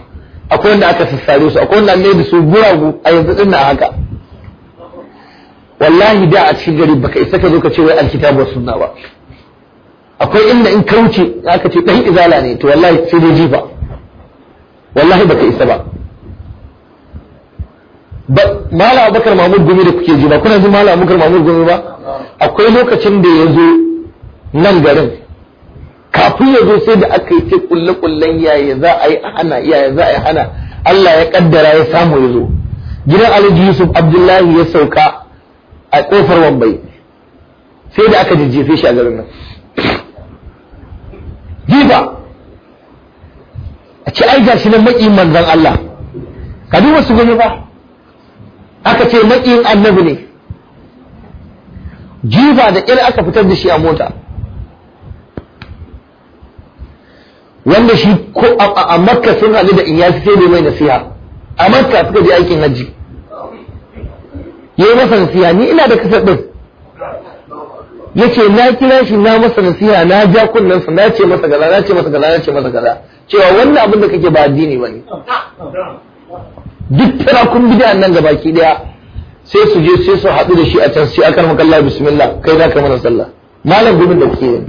akwai wanda aka sassare su akwai wanda an da su guragu a yanzu din na haka wallahi da a cikin gari baka isa ka zo ka ce wai alkitabu wa sunna ba akwai inda in ka wuce aka ce ɗan izala ne to wallahi sai dai jifa wallahi baka isa ba Ba mala Bakar mamur gumi da kuke ji ba kuna ji mala Bakar mamur gumi ba akwai lokacin da ya zo nan garin kafin ya zo sai da aka yi ce kulle-kullen yaya za a yi hana yaya za a yi hana Allah ya kaddara ya samu ya zo gidan alhaji yusuf abdullahi ya sauka a kofar wambai sai da aka jijjefe shi a garin nan jifa a ce ai shi nan maƙi manzan Allah ka duba su gani ba aka ce maƙi annabi ne jifa da ƙyar aka fitar da shi a mota wanda shi ko a makka sun hadu da in yasi sai bai mai nasiha a makka suka je aikin hajji yayi masa nasiha ni ina da kasar din yace na kira shi na masa nasiha na ja kunnen sa na ce masa kaza na ce masa kaza na ce masa kaza cewa wannan abin da kake ba addini bane duk tara kun bid'a nan gaba ki daya sai su je sai su haɗu da shi a can sai akar makalla bismillah kai da ka mana sallah malam gudun da kuke yi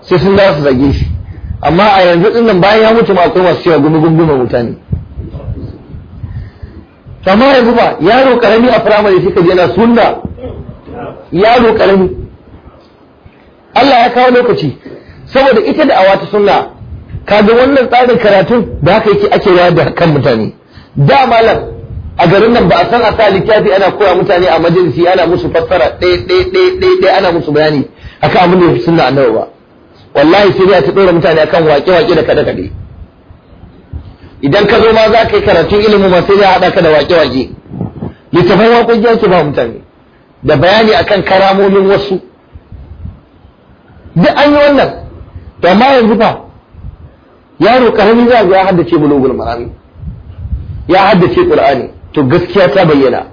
sai sun za su zage shi amma a yanzu din nan bayan ya mutu ma akwai masu cewa gumi gumi mutane kamar yanzu ba yaro karami a firamare shi ka je na sunna yaro karami Allah ya kawo lokaci saboda ita da awata sunna kaga wannan tsarin karatun da haka yake ake wayar da kan mutane da malam a garin nan ba a san a sa littafi ana koya mutane a majalisi ana musu fassara ɗaya ɗaya ɗaya ana musu bayani akan abin da sunna annabi ba wallahi sai ya ta ɗora mutane akan waƙe-waƙe da kaɗe-kaɗe idan ka zo ma za ka yi karatun ilimin ba sai ya haɗa ka da waƙe-waƙe littafin waƙoƙi ake ba mutane da bayani akan karamomin wasu duk an yi wannan to amma yanzu fa yaro karami za ya haddace bulugul marami ya haddace qur'ani to gaskiya ta bayyana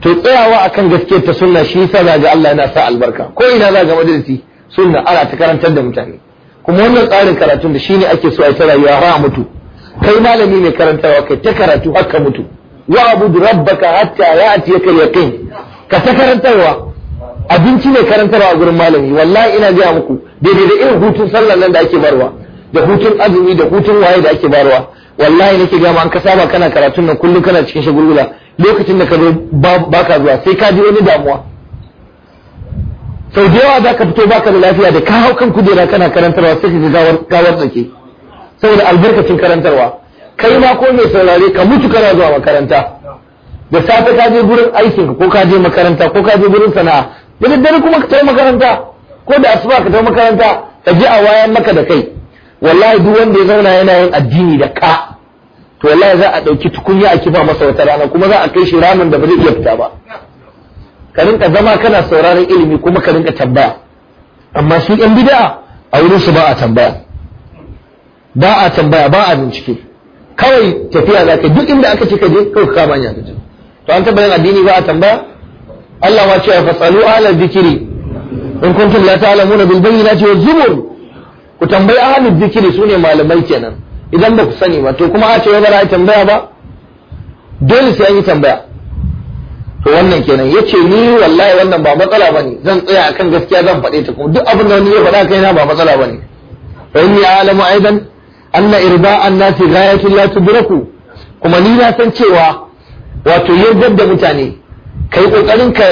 to tsayawa akan gaskiyar ta sunna shi yasa ga Allah yana sa albarka ko ina za ga majalisi sunna ana ta karantar da mutane kuma wannan tsarin karatun da shine ake so a tsara rayuwa ha mutu kai malami ne karantarwa kai ta karatu haka mutu wa abudu rabbaka hatta ya'tiyaka karya yaqin ka ta karantarwa abinci mai karantarwa a gurin malami wallahi ina gaya muku daidai da irin hutun sallar nan da ake barwa da hutun azumi da hutun waye da ake barwa wallahi nake gama an ka saba kana karatun nan kullum kana cikin shagulgula lokacin da ka zo ba ka zuwa sai ka ji wani damuwa sau da yawa za ka fito baka da lafiya da ka hau kan kujera kana karantarwa sai ka ji gawar tsake saboda albarkacin karantarwa kai ma ko mai saurare ka mutu kana zuwa makaranta da safe ka je gurin aikin ko ka je makaranta ko ka je gurin sana'a da daddare kuma ka tafi makaranta ko da asuba ka tafi makaranta ka je a wayan maka da kai wallahi duk wanda ya zauna yana yin addini da ka to wallahi za a ɗauki tukunya a kifa masa wata rana kuma za a kai shi ramin da ba zai iya fita ba ka rinka zama kana sauraron ilimi kuma ka rinka tambaya amma su yan bid'a a wurin su ba a tambaya ba a tambaya ba a bincike kawai tafiya za ka duk inda aka ce ka je kawai ka kama hanya ka to an taɓa yin addini ba a tambaya Allah ma ce fasalu ala dhikri in kuntum la ta'lamuna bil bayyinati wa zubur ku tambayi ahlul dhikri sune malamai kenan idan ba ku sani ba to kuma a ce ba za a tambaya ba dole sai an yi tambaya to wannan kenan yace ni wallahi wannan ba matsala bane zan tsaya akan gaskiya zan faɗe ta kuma duk abin da wani zai faɗa na ba matsala bane fa inni a'lamu aidan anna irba'an nasi ghayatun la tudraku kuma ni na san cewa wato yardar da mutane kai kokarin ka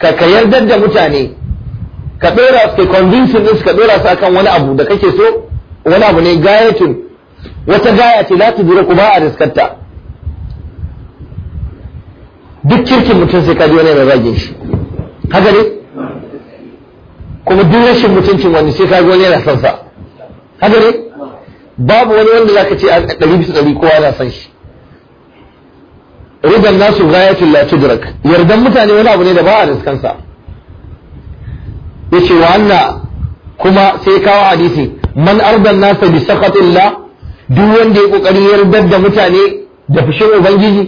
ka ka yardar da mutane ka dora su ka convince din su ka dora su akan wani abu da kake so wani abu ne gayatun wata gaya ce za ta dura ku ba a riskarta duk kirkin mutum sai ka ji wani mai rage shi haka ne kuma duk rashin mutuncin wani sai ka ji wani yana son sa haka ne babu wani wanda zaka ce a ɗari bisa ɗari kowa yana son shi ridan nasu ya la tudrak yardan mutane wani abu ne da ba a riskansa yace wa kuma sai kawo hadisi man ardan nasa bi sakatillah duk wanda ya kokari yardar da mutane da fushin ubangiji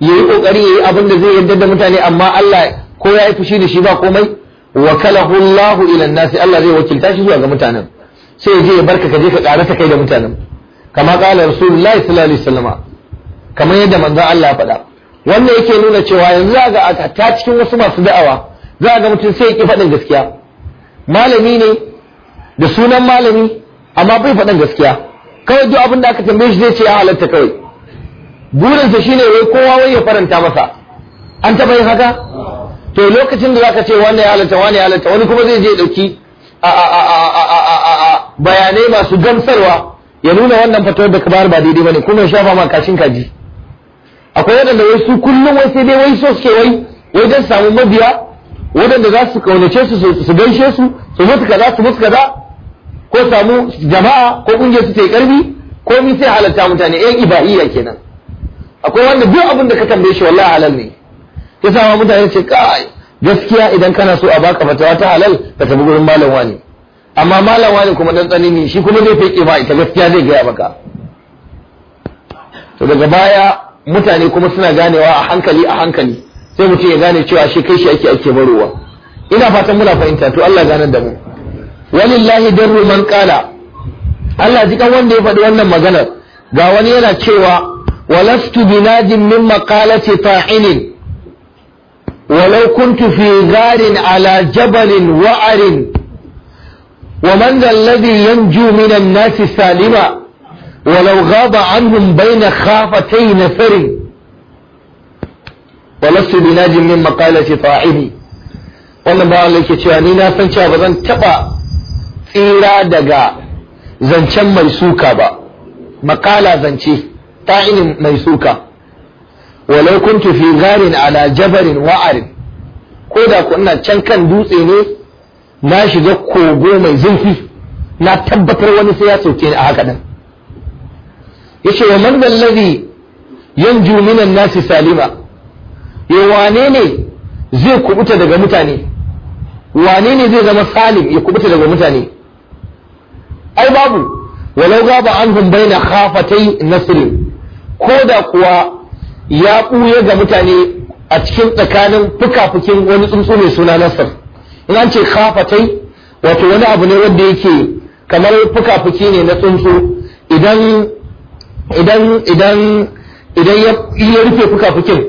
yayi kokari yi abin da zai yardar da mutane amma Allah ko yi fushi da shi ba komai wakalahu Allahu ila nasi Allah zai wakilta shi zuwa ga mutanen sai ya je ya barka ka je ka karata kai da mutanen kama qala rasulullahi sallallahu alaihi wasallam kamar yadda manzon Allah ya faɗa wannan yake nuna cewa yanzu za ga a ta cikin wasu masu da'awa za ga mutum sai ya ki faɗin gaskiya malami ne da sunan malami amma bai faɗin gaskiya kawai duk abin da aka tambaye shi zai ce ya halatta kawai burinsa shine wai kowa wai ya faranta masa an taɓa yin haka to lokacin da zaka ce wannan ya halatta wani ya halatta wani kuma zai je ya dauki bayanai masu gamsarwa ya nuna wannan fatawar da ka bayar ba daidai bane kuma ya shafa ma kashin kaji akwai waɗanda wai su kullum wai sai dai wai so suke wai wai dan samu mabiya waɗanda za su kaunace su su gaishe su su mutu kaza su mutu kaza ko samu jama'a ko kungiyar su ta yi karbi ko mi sai halatta mutane yan ibaiya kenan akwai wanda duk abin da ka tambaye shi wallahi halal ne ya sa mutane ce kai gaskiya idan kana so a baka fatawa ta halal ka tafi gurin malam wani amma malam wani kuma dan tsani ne shi kuma zai fake ba ita gaskiya zai gaya baka to daga baya mutane kuma suna ganewa a hankali a hankali sai mutum ya gane cewa shi kai shi ake ake barowa ina fatan muna fahimta to Allah ganar da mu walillahi darru man qala Allah jikan wanda ya faɗi wannan maganar ga wani yana cewa ولست بناد من مقالة طاعن ولو كنت في غار على جبل وعر ومن ذا الذي ينجو من الناس سالما ولو غاب عنهم بين خافتي نفر ولست بناج من مقالة طاعمي wannan ba Allah yake cewa ni na san cewa ba zan taba tsira daga zancen mai suka ba makala zance ta'inin mai suka walau kuntu fi garin ala jabarin wa'arin ko da ku can kan dutse ne na shiga kogo mai zurfi na tabbatar wani sai ya sauke ni a haka nan yace wa man alladhi yanju minan nasi salima ya wane ne zai kubuta daga mutane wane ne zai zama salim ya kubuta daga mutane ai babu walau gaba hun baina khafatai nasr ko da kuwa ya buye ga mutane a cikin tsakanin fuka-fukin wani tsuntsu mai suna nasar in an ce khafatai wato wani abu ne wanda yake kamar fuka-fuki ne na tsuntsu idan idan idan idan ya rufe fuka-fukin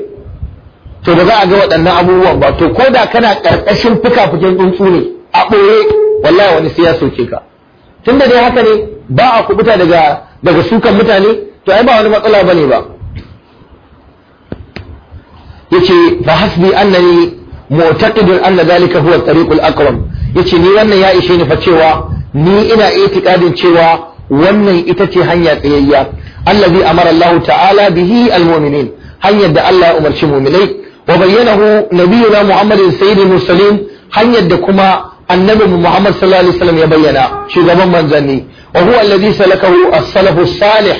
to ba za a ga waɗannan abubuwan ba to ko da kana ƙarƙashin fuka-fukin tsuntsu ne a ɓoye wallahi wani sai ya soke ka tun da dai haka ne ba a kubuta daga daga sukan mutane to ai ba wani matsala bane ba yace fa hasbi annani mu'taqidun anna zalika huwa at-tariqul aqrab yace ni wannan ya ishe ni fa cewa ni ina itiqadin cewa wannan ita ce hanya tsayayya allazi amara Allah ta'ala bihi almu'minin hanyar da Allah ya umarci mu'minai wa bayyanahu nabiyuna Muhammadin sayyidul mursalin hanyar da kuma annabi Muhammad sallallahu alaihi wasallam ya bayyana shugaban manzanni wa huwa allazi salakahu as-salafu salih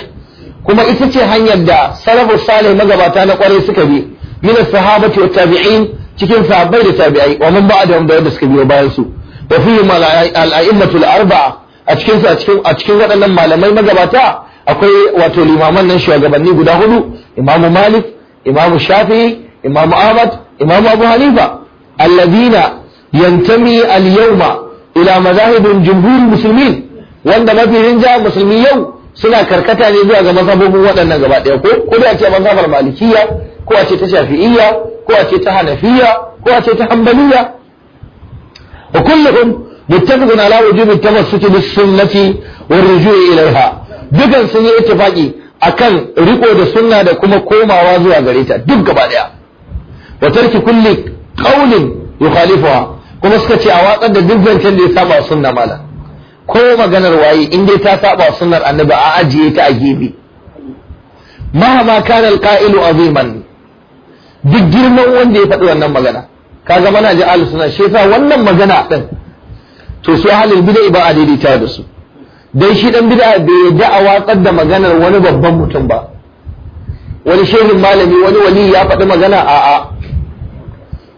kuma ita ce hanyar da salafu salih magabata na kwarai suka bi min as-sahabati wa tabi'in cikin sahabbai da tabi'ai wa man ba'da da suka biyo bayan su wa fi al-a'immatul arba'a a cikin su a cikin waɗannan malamai magabata akwai wato limaman nan shugabanni guda hudu imamu malik imamu shafi'i imamu ahmad imamu abu hanifa alladina yantami al-yawma ila mazahibin jumhur muslimin wanda mafi rinja musulmi yau suna karkata ne zuwa ga mazhabobin waɗannan gaba ɗaya ko ko da ce mazhabar malikiya ko a ce ta shafi'iyya ko a ce ta hanafiya ko a ce ta hanbaliya wa kulluhum muttafaqun ala wujubi tamassuki bis sunnati wa rujui ilaiha dukan sun yi a kan riko da sunna da kuma komawa zuwa gareta duk gaba daya wa tarki kulli qawlin yukhalifuha kuma suka ce a watsar da duk zancen da ya saba sunna mala ko maganar waye in dai ta saba sunnar annabi a ajiye ta a gefe mahama kana alqa'ilu aziman duk girman wanda ya faɗi wannan magana kaga mana ji ahlus sunna shi yasa wannan magana din to su halin bid'a ba a daidaita da su dan shi dan bid'a bai yadda a watsar da maganar wani babban mutum ba wani shehin malami wani wali ya faɗi magana a a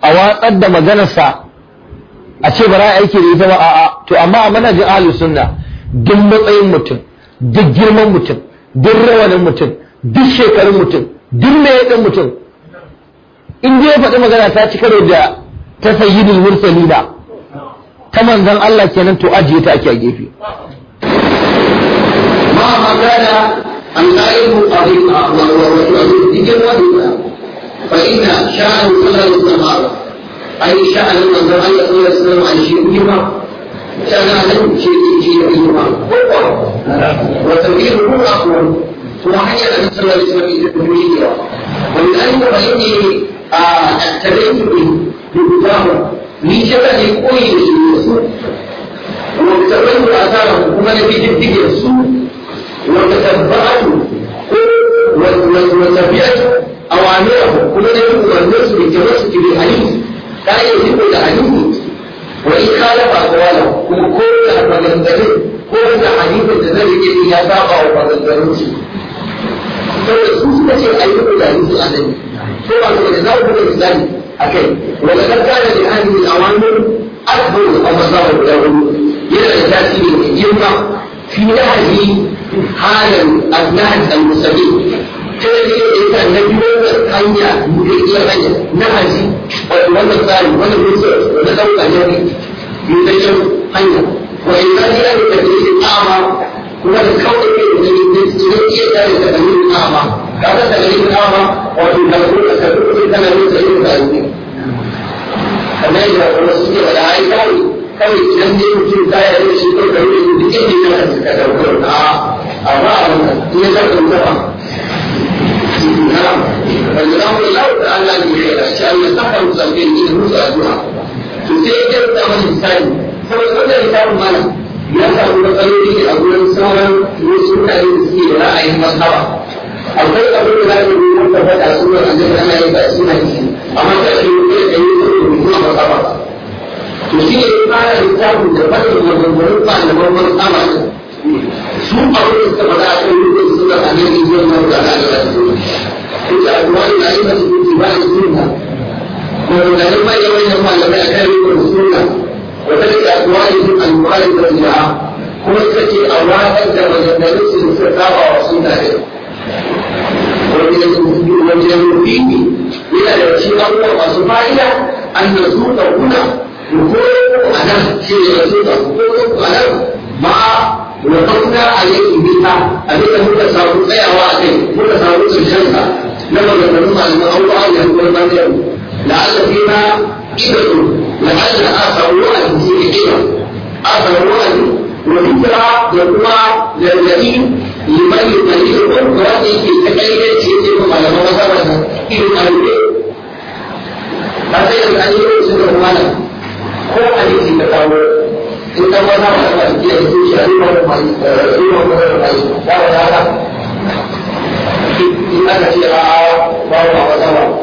a watsar da maganarsa a ce ba za a aiki da ba a a to amma a manajin ahli sunna duk matsayin mutum duk girman mutum duk rawanin mutum duk shekarun mutum duk mai ɗan mutum in dai ya faɗi magana ta cika da ta sayyidul ba. ta manzan Allah kenan to ajiye ta ake a gefe ma ma kana an qa'imu qadim wa wa wa dikin wa fa inna sha'anu sallallahu alaihi wasallam ai sha'anu manzan Allah sallallahu alaihi wasallam an shi kuma sha'anu nan shi shi kuma wa tawhidu aqwal kuma hanyar da sallallahu alaihi wasallam ya kuma wa min an yubayni a at-tabayyin bi bi ni shi ka ne koyi da shi da su wanda tabbai da asara kuma na bidin dige su wanda tabbatu wanda tabbiyatu awamiru kuma na yi umarnin su da kyau su kiri halittu ta yi riko da halittu wa in kala ba kawala kuma ko da maganganun ko da halittun da zai rike ya saba wa maganganun su saboda su suka ce a yi muku da hadisi annabi ko ba su da za ku da a kai wala kan kana da hadisi a wani akbar a masarar guda hudu yana da tasiri mai girma fi nahji halin annahji al-musalli ta yadda ya ta na wannan hanya da iya hanya nahji wannan tsari wannan research wanda ɗaukar yanayi mai hanya wa in ka da ta ta ta'ama kuma da kawai ne da cikin iya tare da dalilin kama, ka san da dalilin nama wato da kuma da kuma tana yin da yin zalimi kamar yadda kuma suke da ai kawai kawai idan dai mutum ta yi da shi ko da yin da duk inda yana da kada ko a amma a wannan ne da kuma ba والإمام الله تعالى يقول أشياء يستحق المسلمين من هو أدوها. تسير كيف تعمل Saboda سوى كل إنسان ماله. ya samu matsaloli a gurin sauran wasu mutane da suke da ra'ayin masaba akwai abin da za ka yi mun tabbata suna a jirgin ana yin ba suna yi amma ta ce ne da yi su ne kuma masaba to shi ne ba da littafin da ba da ba da maganganun sama su abin da suka faɗa a kan rukun suna a nan yin yin mawuka da ala da su ko ta abuwa da yi masu rukun ba da suna ko da yi mai yawan yawan malamai a kan rukun suna وتلك أقوالهم المخالفة لها kuma suka ce a ranar da maganganun su suka saba wa suna da wani da rufi yana da shi abubuwa masu fa'ida an da su da kuna ko a nan shi ne da su da ko a nan ma da fauna a tsayawa a kai لعل فيما شبه لعل اثرها اخر اثرها وذكرى يقوى للذين لمن يبلغهم وهذه في تكلمه سيدنا على مواصفه ابن علي هذا يعني سيدنا مالك هو عليه التكامل إذا ما نعلم أن يكون يجب ومعيسا لا ولا لا إن كثيرا ما هو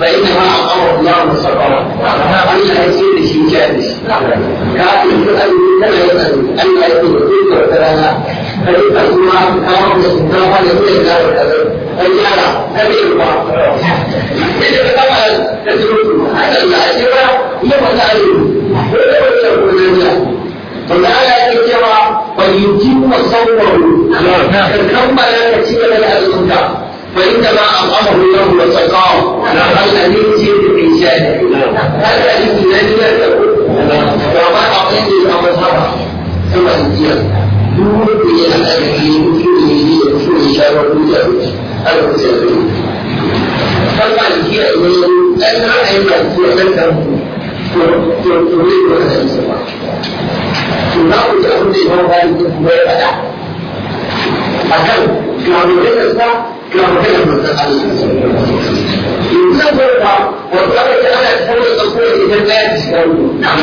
فإنما أقره الله وسقره ألا يصير شيء جالس كافر يسأل لا يسأل ألا يكون كل اعتراضا فإذا الله أمر بالإنصاف أن يكون لا يعتذر فجعل نبي الله إذا طبعا تتركه هذا الأشرة هي مسائل ولا يقول الله فلا يكتب ويتم صوره فكما لا تكتب الأسلحة فإنما أطعمه الله وسقاه أمين سيد الإنسان هذا الحديث لا يكون وما أعطيت الأمر ثم الدين دون بين الأمرين وجود الدين وجود الإشارة وجود هذا هو سبب فما الدين من أنا أعلم الدين من تنفذ تريد أن تنفذ تناقض أمر الإمام مالك بن عشان في عملية اسمها في عملية يمكن برضه وطلبة أنا تحول التصوير إلى الناس نعم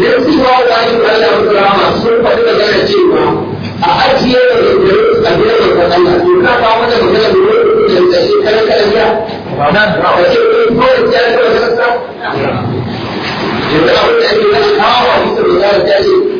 إذا كنت واحد عايز أنا أقرأ مصروف هذا جاي شيء أحد يقول أبيض وأنا يمكن أعمل مثلا بيقول التأشير كلام كلام ده نعم التأشير بيقول كلام كلام ده يبقى أقول أن الناس ما هو في الرجال التأشير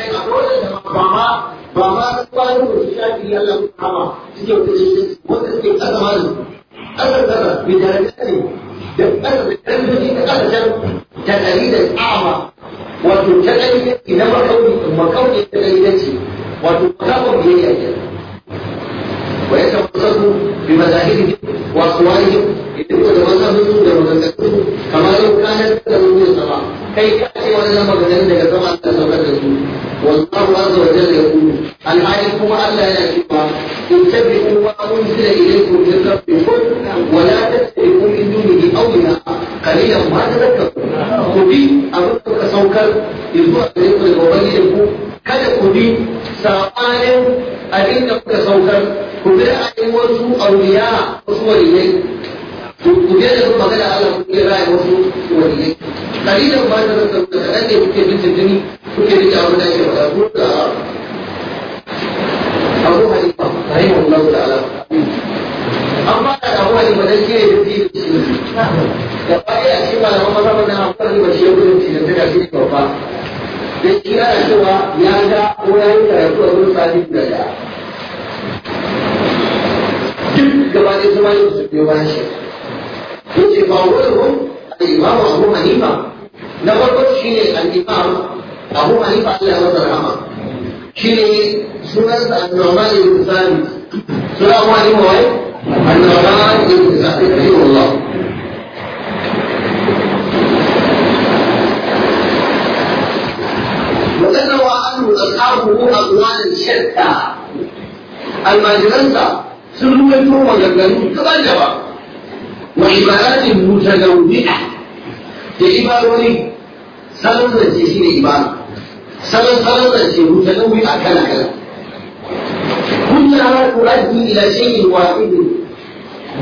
kai a dole da ba ma ba ma kwanin da shi shafi ya Allah ta ba suke wata shi wanda suke kasa ma ne kasa kasa bai daraja ne da kasa da dandoji da kasa da dari da tsama wato ta dari da ke na makauni makauni da dari da ce wato makamun biyayya ke ويتوسطوا بمذاهبهم واقوالهم يدعو توسطوا بمذاهبهم كما لو كانت تدعو السماء كي تاتي ولنا مغنم لك سماء والله عز وجل يقول هل عليكم ألا يأتيها اتبعوا ما أنزل إليكم من ربكم ولا تتبعوا من دونه أولياء قليلا ما تذكرون كبي اردتك سوكر يقول إليكم لقبليكم kada ku bi saɓanin abin da kuka saukar ku bi ra'ayin wasu auliya wasu waliyai ku je da magana Allah ku ke ra'ayi wasu wani kalilan ba da zan da kaɗan ne kuke jini kuke rike abin da ake da ku da abu halifa rahimu Allah da ala da abu halifa dan shi ne da shi da bai a cikin malaman mazhaban nan abu shi ya da cikin da shi babba dan shi yana cewa ya ga ko ya yi karatu a wurin sadi da ya duk gaba ɗaya zama yau su biyo bayan su faruwarun al'imam abu hanifa na farko shi ne al'imam abu hanifa allah ya masa rahama shi ne sunansa annoman ibn sami suna abu hanifa wai annoman ibn sami rahimahullah وذكر عنه اصحابه شتى sun وعبارات متنوعة da ibarori salon zance shi ne ibara salon salon zance mutanawwi a kala kala kullaha turaddu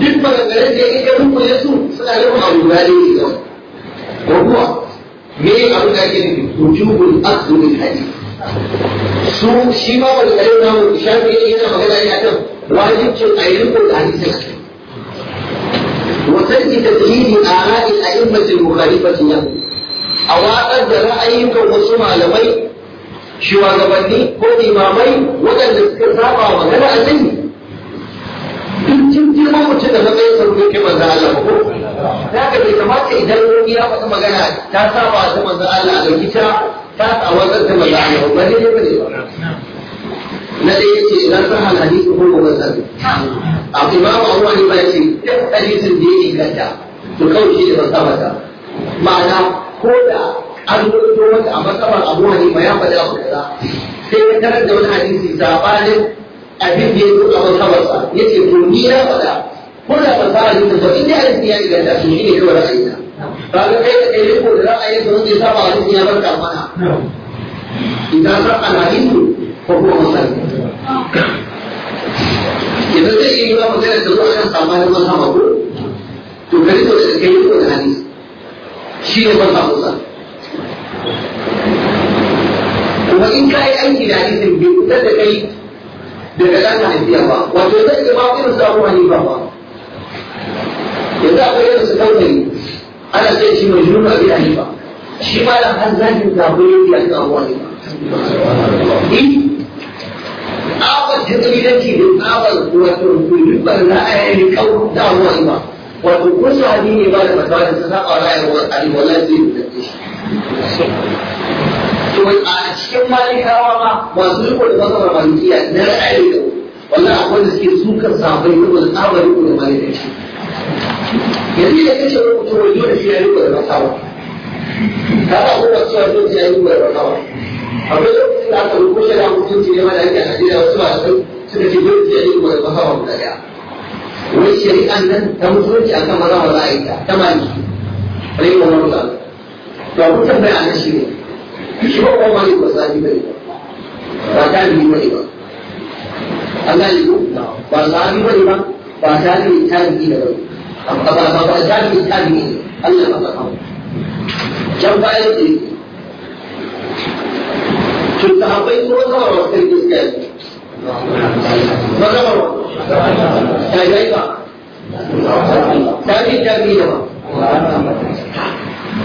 duk maganganun da yake rubu ya su suna rubu abu guda ɗaya ne ko kuwa me abu da ake nufi wujubul aqdu bil hadith su shi ma maganganun namu shafi yana magana ne akan wajibcin ayyukan da hadisi وسد تجريد آراء الأئمة المخالفة له أو أقد رأيك وسمع لمي shugabanni ko imamai waɗanda suka saba wa gana annabi duk mutum da matsayin sa rubuce manzo Allah ko da ka bai kamata idan wani ya faɗi magana ta saba ta manzo Allah a dauki ta tsawatar da manzo Allah ba ne ba ne na ɗaya ya ce na ka hal hadisi ko ko masa a imamu abu hanifa ya ce duk hadisin da ya inganta to kawai shi ne masabata ma'ana ko da an rubuto maka a masabar abu wani ba ya faɗa abu kaza sai ya tarar da wani hadisi sabanin abin da ya zo a masabarsa ya ce to ni ya faɗa ko da ba sa hadisi ba in dai hadisi ya inganta to shi ne kawai ra'ayina ba ga kai da kai riko da ra'ayin da wanda ya saba hadisi ya barka mana idan ra'ayin hadisi ko kuma musan idan zai yi yiwuwa da zuwa kan tsammanin masu hama da kai ko da shi ne kuma in ka yi aiki da hadisin bai fitar da kai ba wato zai yi ma ba yanzu akwai ana shi mai shi tsabar jibrilanci da tsabar wato dubban ra'ayi kau da wani ba wato kun sami ne ba da masarar ta saba ra'ayarwar alwala zai mutace shi to a cikin malikawa ma masu riko da masarar malikiya na ra'ayi da wannan akwai da suke sukar sabai riko da tsabar riko da malikanci yanzu da kashe rubuta wani dole sai ya riko da masarar ta ba kuma cewa dole sai ya riko da masarar akwai lokacin da aka rubu shi da hukunci ne ma da ake Najeriya wasu masu suka ce dole sai ne kuma ba hawa guda ɗaya. wai shari'an nan ta musulunci akan maza wa za a yi ta ta maliki rai wa marusa to abu tambaya a nan shi ne shi ba kuma maliki ba sabi bane ba ta ne ba ne ba an gane ko ba sabi bane ba ba ta ne ta ne da ba ba ba ta ne ta ne Allah ba ba can bayan da shin sahabbai ko wata wa wasu kirki suka yi mazamar ta yi ba ta yi ta yi da ba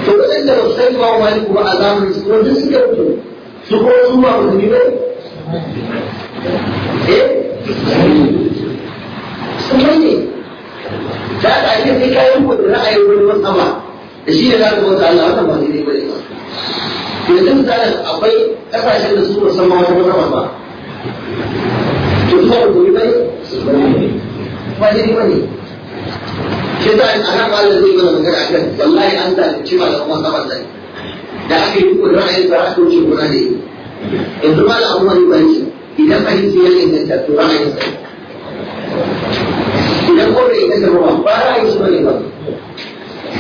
to waɗanda ba su sani ba wa maliku ba a zamanin su wanda suka fito su ake eh? ra'ayin wani masama da shi ne za ka bauta Allah wannan ba daidai bane ba yanzu misalin akwai kasashen da su musamman wata ba to da gobe bane ba daidai bane shi za a nan ba da zai mana magana a kan wallahi an ce ba da kuma saman zai da aka yi kuma ra'ayin ba a kauce gona ne yanzu ba da abubuwan yi bane idan fahimci ya inganta to ra'ayin sai idan kuma inganta ba ba ra'ayin su ne ba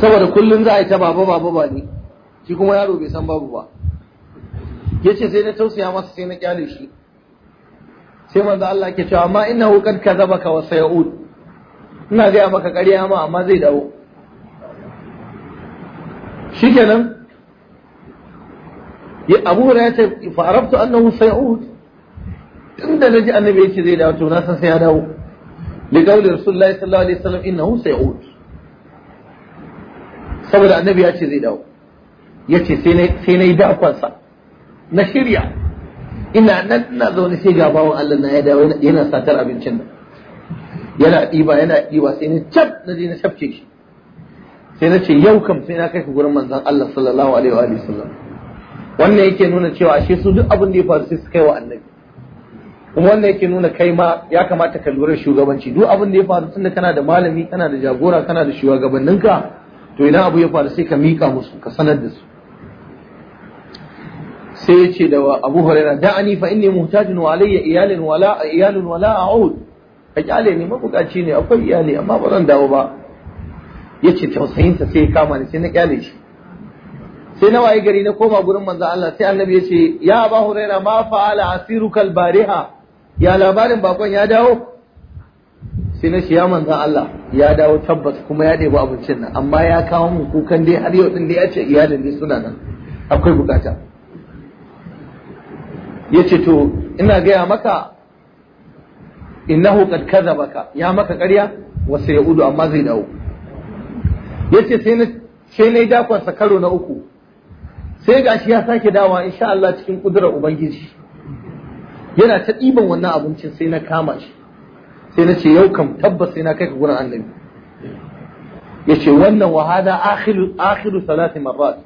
saboda kullum za a yi ta baba baba ba ne shi kuma yaro bai san babu ba ya ce sai na tausaya masa sai na kyale shi sai manzo Allah ke cewa amma ka zaba ka wasa sayud ina gaya maka ƙarya ma amma zai dawo shikenan ya Abu ya ce fa arabtu annahu sayud na naji annabi ce zai dawo to na san sai ya dawo لقول رسول الله صلى الله عليه وسلم إنه سيعود saboda annabi ya ce zai dawo ya ce sai na yi dakonsa na shirya ina nan ina zaune sai ga bawon Allah na ya dawo yana satar abincin nan yana ɗiba yana ɗiba sai na cap na je na shafke shi sai na ce yau kam sai na kai ka gurin manzon Allah sallallahu alaihi wa sallam wannan yake nuna cewa ashe su duk abin da ya faru sai su kai wa annabi kuma wannan yake nuna kai ma ya kamata ka lura shugabanci duk abin da ya faru tunda kana da malami kana da jagora kana da shugabanninka to idan abu ya faru sai ka mika musu ka sanar da su sai ya da Abu da ani fa inni muhtajun wa alayya iyalin wala iyalun wala a'ud ka kyale ni mabukaci ne akwai iyali amma ba zan dawo ba yace tausayinsa sai ya kama ni sai na kyale shi sai na waye gari na koma gurin manzo Allah sai annabi ya ce ya Abu Huraira ma fa'ala asiruka al-bariha ya labarin bakon ya dawo sai na ya manzan Allah ya dawo tabbas kuma ya ɗebi abincin nan amma ya kawo mu kukan dai har yau din dai ya ce iyalin dai suna nan akwai bukata ya ce to ina gaya maka innahu qad kadzabaka ya maka ƙarya wa Udu amma zai dawo yace sai na sai na dakon sa karo na uku sai gashi ya sake dawa insha Allah cikin kudurar ubangiji yana ta ɗiban wannan abincin sai na kama shi sai na ce yau kam tabbas sai na kai ka gurin annabi ya ce wannan wahada akhiru salati marrat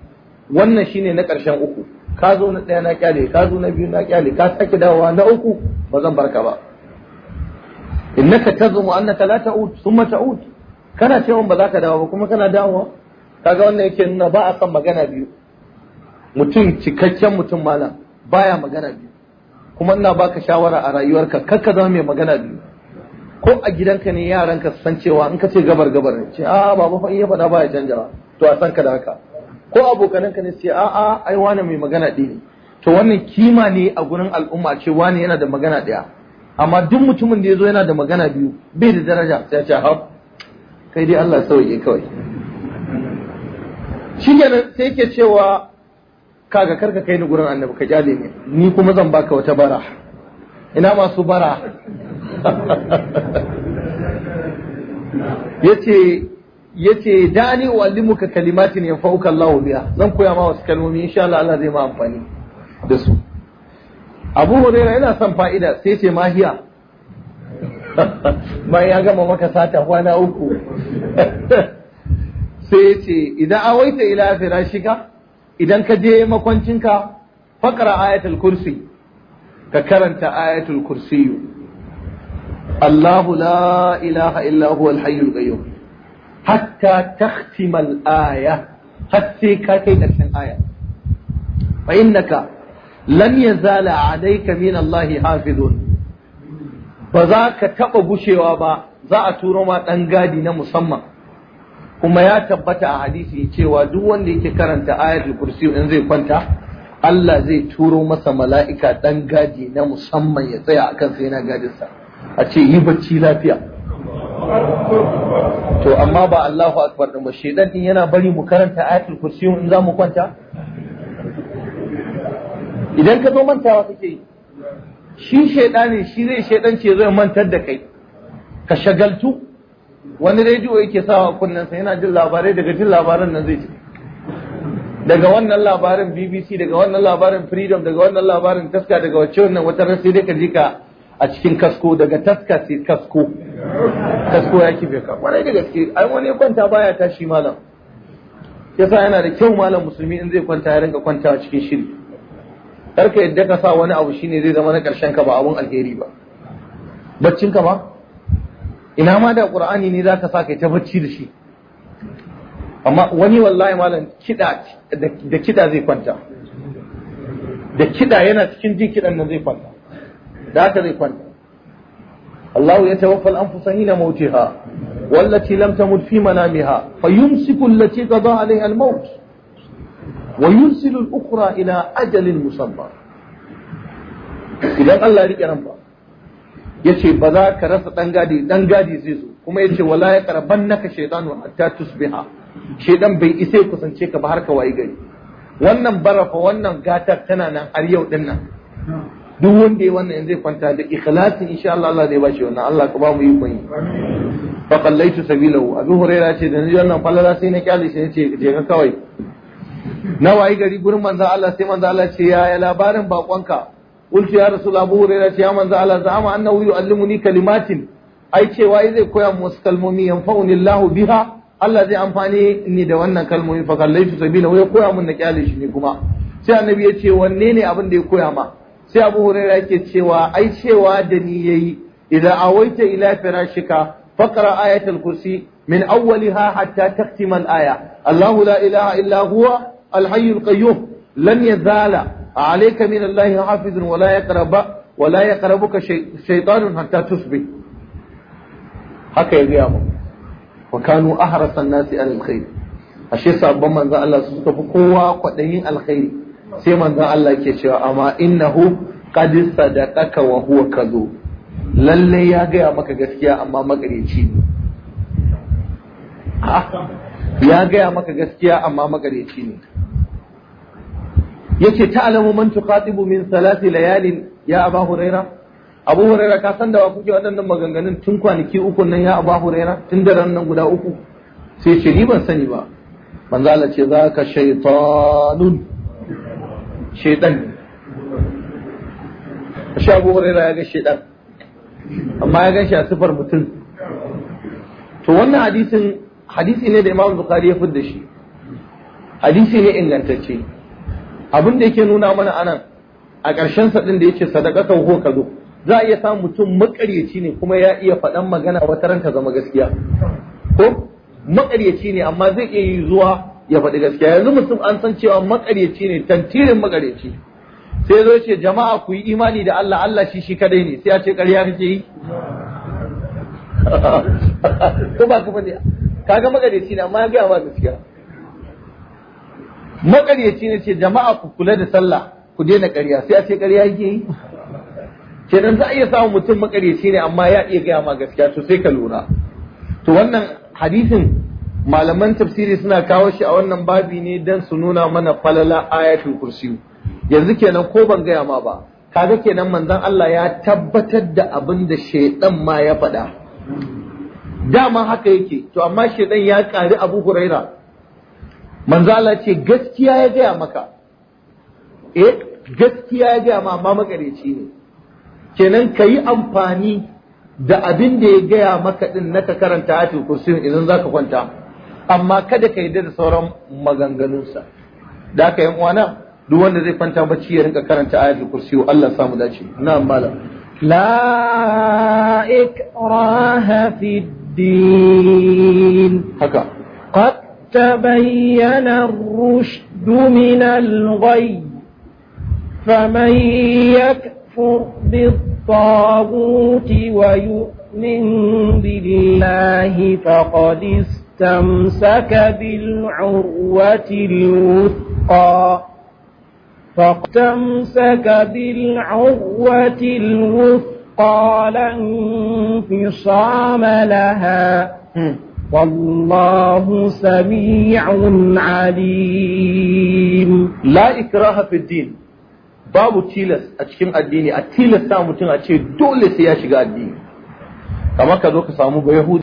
wannan shine na ƙarshen uku ka zo na ɗaya na ƙyale, ka zo na biyu na ƙyale, ka sake dawowa na uku ba zan barka ba innaka tazumu annaka la ta'ud thumma ta'ud kana cewa ba za ka dawo ba kuma kana dawowa kaga wannan yake nuna ba a san magana biyu mutum cikakken mutum malam baya magana biyu kuma ina baka shawara a rayuwarka ka zama mai magana biyu ko a gidanka ne yaranka su san cewa in ka ce gabar gabar ne ce a ah, baba fa iya fada baya to a san ka da haka ko abokananka ne ce a ah, ah, ai wani mai magana ɗaya ne to wannan kima ne a gurin al'umma ce wani yana da magana ɗaya amma duk mutumin da ya zo yana da magana biyu bai da daraja sai ce ha kai dai Allah sauke kawai ne sai yake cewa kaga karka kai ni gurin annabi ka jale ni ni kuma zan baka wata bara ina masu bara yace yace dani uallimuka kalimatin fauka Allahu biha zan koya ma wasu kalmomi insha Allah Allah zai ma amfani da su Abu Hurairah yana son fa'ida sai ce mahiya ya gama maka sata kwana uku sai ya ce idan awaita ila firashika idan ka je makwancinka faƙara ayatul kursi ka karanta ayatul kursi Allahu la ilaha illa huwa hayyul qayyum hatta takhtima al-aya har ka kai ƙarshen aya fa innaka lam yazala alayka min Allah hafizun ba za ka taɓa gushewa ba za a turo ma ɗan gadi na musamman kuma ya tabbata a hadisi cewa duk wanda yake karanta ayatul kursi in zai kwanta Allah zai turo masa mala'ika dan gaji na musamman ya tsaya akan sai yana gadinsa a ce yi bacci lafiya to amma ba Allahu akbar din ba shedan din yana bari mu karanta ayatul kursi in za mu kwanta idan ka zo mantawa kake yi shi shedani shi zai shedance zai mantar da kai ka shagaltu wani rediyo yake sawa kunnensa yana jin labarai daga jin labaran nan zai ci daga wannan labarin BBC daga wannan labarin Freedom daga wannan labarin taska daga wacce wannan wata ran sai dai ka jika ka a cikin kasko daga taska sai kasko kasko ya kife ka kwarai da gaske ai wani ya kwanta baya tashi malam yasa yana da kyau malam musulmi in zai kwanta ya rinka kwantawa cikin shiri kar ka yadda ka sa wani abu shine zai zama na karshen ka ba abun alheri ba baccin ka ba ina ma da qur'ani ne zaka sa kai ta bacci da shi amma wani wallahi malam kida da kida zai kwanta da kida yana cikin jin kidan nan zai kwanta da haka zai kwanta Allah ya tawaffa al-anfusa hina mautiha wallati lam tamut fi manamiha fayumsiku allati qada alaiha al-maut wa yursilu al-ukhra ila ajalin musamma idan Allah ya ba yace ba za ka rasa dan gadi dan gadi zai zo kuma ya ce wala ya naka shaytanu hatta tusbiha shaytan bai isa ya kusance ka ba har ka wayi gari wannan barafa wannan gatar tana nan har yau din nan duk wanda ya wannan zai kwanta da ikhlasin insha Allah Allah zai bashi wannan Allah ka ba mu yi kunyi fa qallaitu sabilahu abu huraira ce da ni wannan falala sai na kyale shi ce je ka kawai na wayi gari gurin manzo Allah sai manzo Allah ce ya labarin bakonka qultu ya rasul abu hurairah ya Ala Allah za'ama annahu yu'allimuni kalimatin ai cewa zai koya mu wasu kalmomi yanfa'uni biha Allah zai amfani ni da wannan kalmomi fa kallaitu sabila ya koya mun na kyale shi ne kuma sai annabi ya ce wanne ne abin da ya koya ma sai abu hurairah yake cewa ai cewa da ni yayi idza awaita ila firashika fakara ayatul kursi min awwaliha hatta taqtima aya Allahu la ilaha illa huwa al-hayyul qayyum lan alayka min Allah hafizun wala yaqraba wala yaqrabuka shaytanun hatta tusbih haka ya gaya mu wa kanu ahrasan nasi alal khair ashe sabon manzon Allah su suka kowa kwaɗayin alkhairi sai manzon Allah ke cewa amma in qad sadaqaka wa huwa kadhub lalle ya gaya maka gaskiya amma makareci ne ya gaya maka gaskiya amma makareci ne yace ta'lamu man tuqatibu min salati layalin ya Abu huraira abu huraira ka san da wa kuke waɗannan maganganun tun kwanaki uku nan ya Abu huraira tun da nan guda uku sai ce ni ban sani ba manzo Allah ce zaka shaytanun shaytan shi abu huraira ya ga shaytan amma ya gan shi a sifar mutum to wannan hadisin hadisi ne da Imam Bukhari ya fidda shi hadisi ne ingantacce abin da yake nuna mana anan a ƙarshen sa din da yake sadaqatan ho kazo za a iya samu mutum makaryaci ne kuma ya iya faɗan magana wata ranka zama gaskiya ko makaryaci ne amma zai iya yi zuwa ya faɗi gaskiya yanzu mutum an san cewa makaryaci ne tantirin makaryaci sai zo ce jama'a ku yi imani da Allah Allah shi shi kadai ne sai a ce ƙarya kake yi ko ba ka bane kaga makaryaci ne amma ya gaya ba gaskiya Maƙaryaci ne ce jama'a ku kula da sallah ku daina ƙarya sai a ce ƙarya yake yi kenan za a iya samun mutum makaryaci ne amma ya iya gaya ma gaskiya to sai ka lura to wannan hadisin malaman tafsiri suna kawo shi a wannan babi ne dan su nuna mana falala ayatul kursi yanzu kenan ko ban gaya ma ba kaga kenan manzon Allah ya tabbatar da abin da shaidan ma ya faɗa dama haka yake to amma shaidan ya ƙari Abu Huraira manzo Allah ce gaskiya ya gaya maka eh gaskiya ya gaya ma amma makareci ne kenan ka amfani da abin da ya gaya maka din na ka karanta ayatul kursin idan zaka kwanta amma kada ka yadda da sauran maganganunsa da ka yan uwana duk wanda zai kwanta bacci ya rinka karanta ayatul kursi Allah samu dace na'am malam la ikraha fid din haka qad تبين الرشد من الغي فمن يكفر بالطاغوت ويؤمن بالله فقد استمسك بالعروة الوثقى فاستمسك بالعروة الوثقى لا انفصام لها والله سميع عليم لا إكراه في الدين babu tilas a cikin addini a tilasta mutum a ce dole sai ya shiga addini kamar ka zo ka samu ba yahudi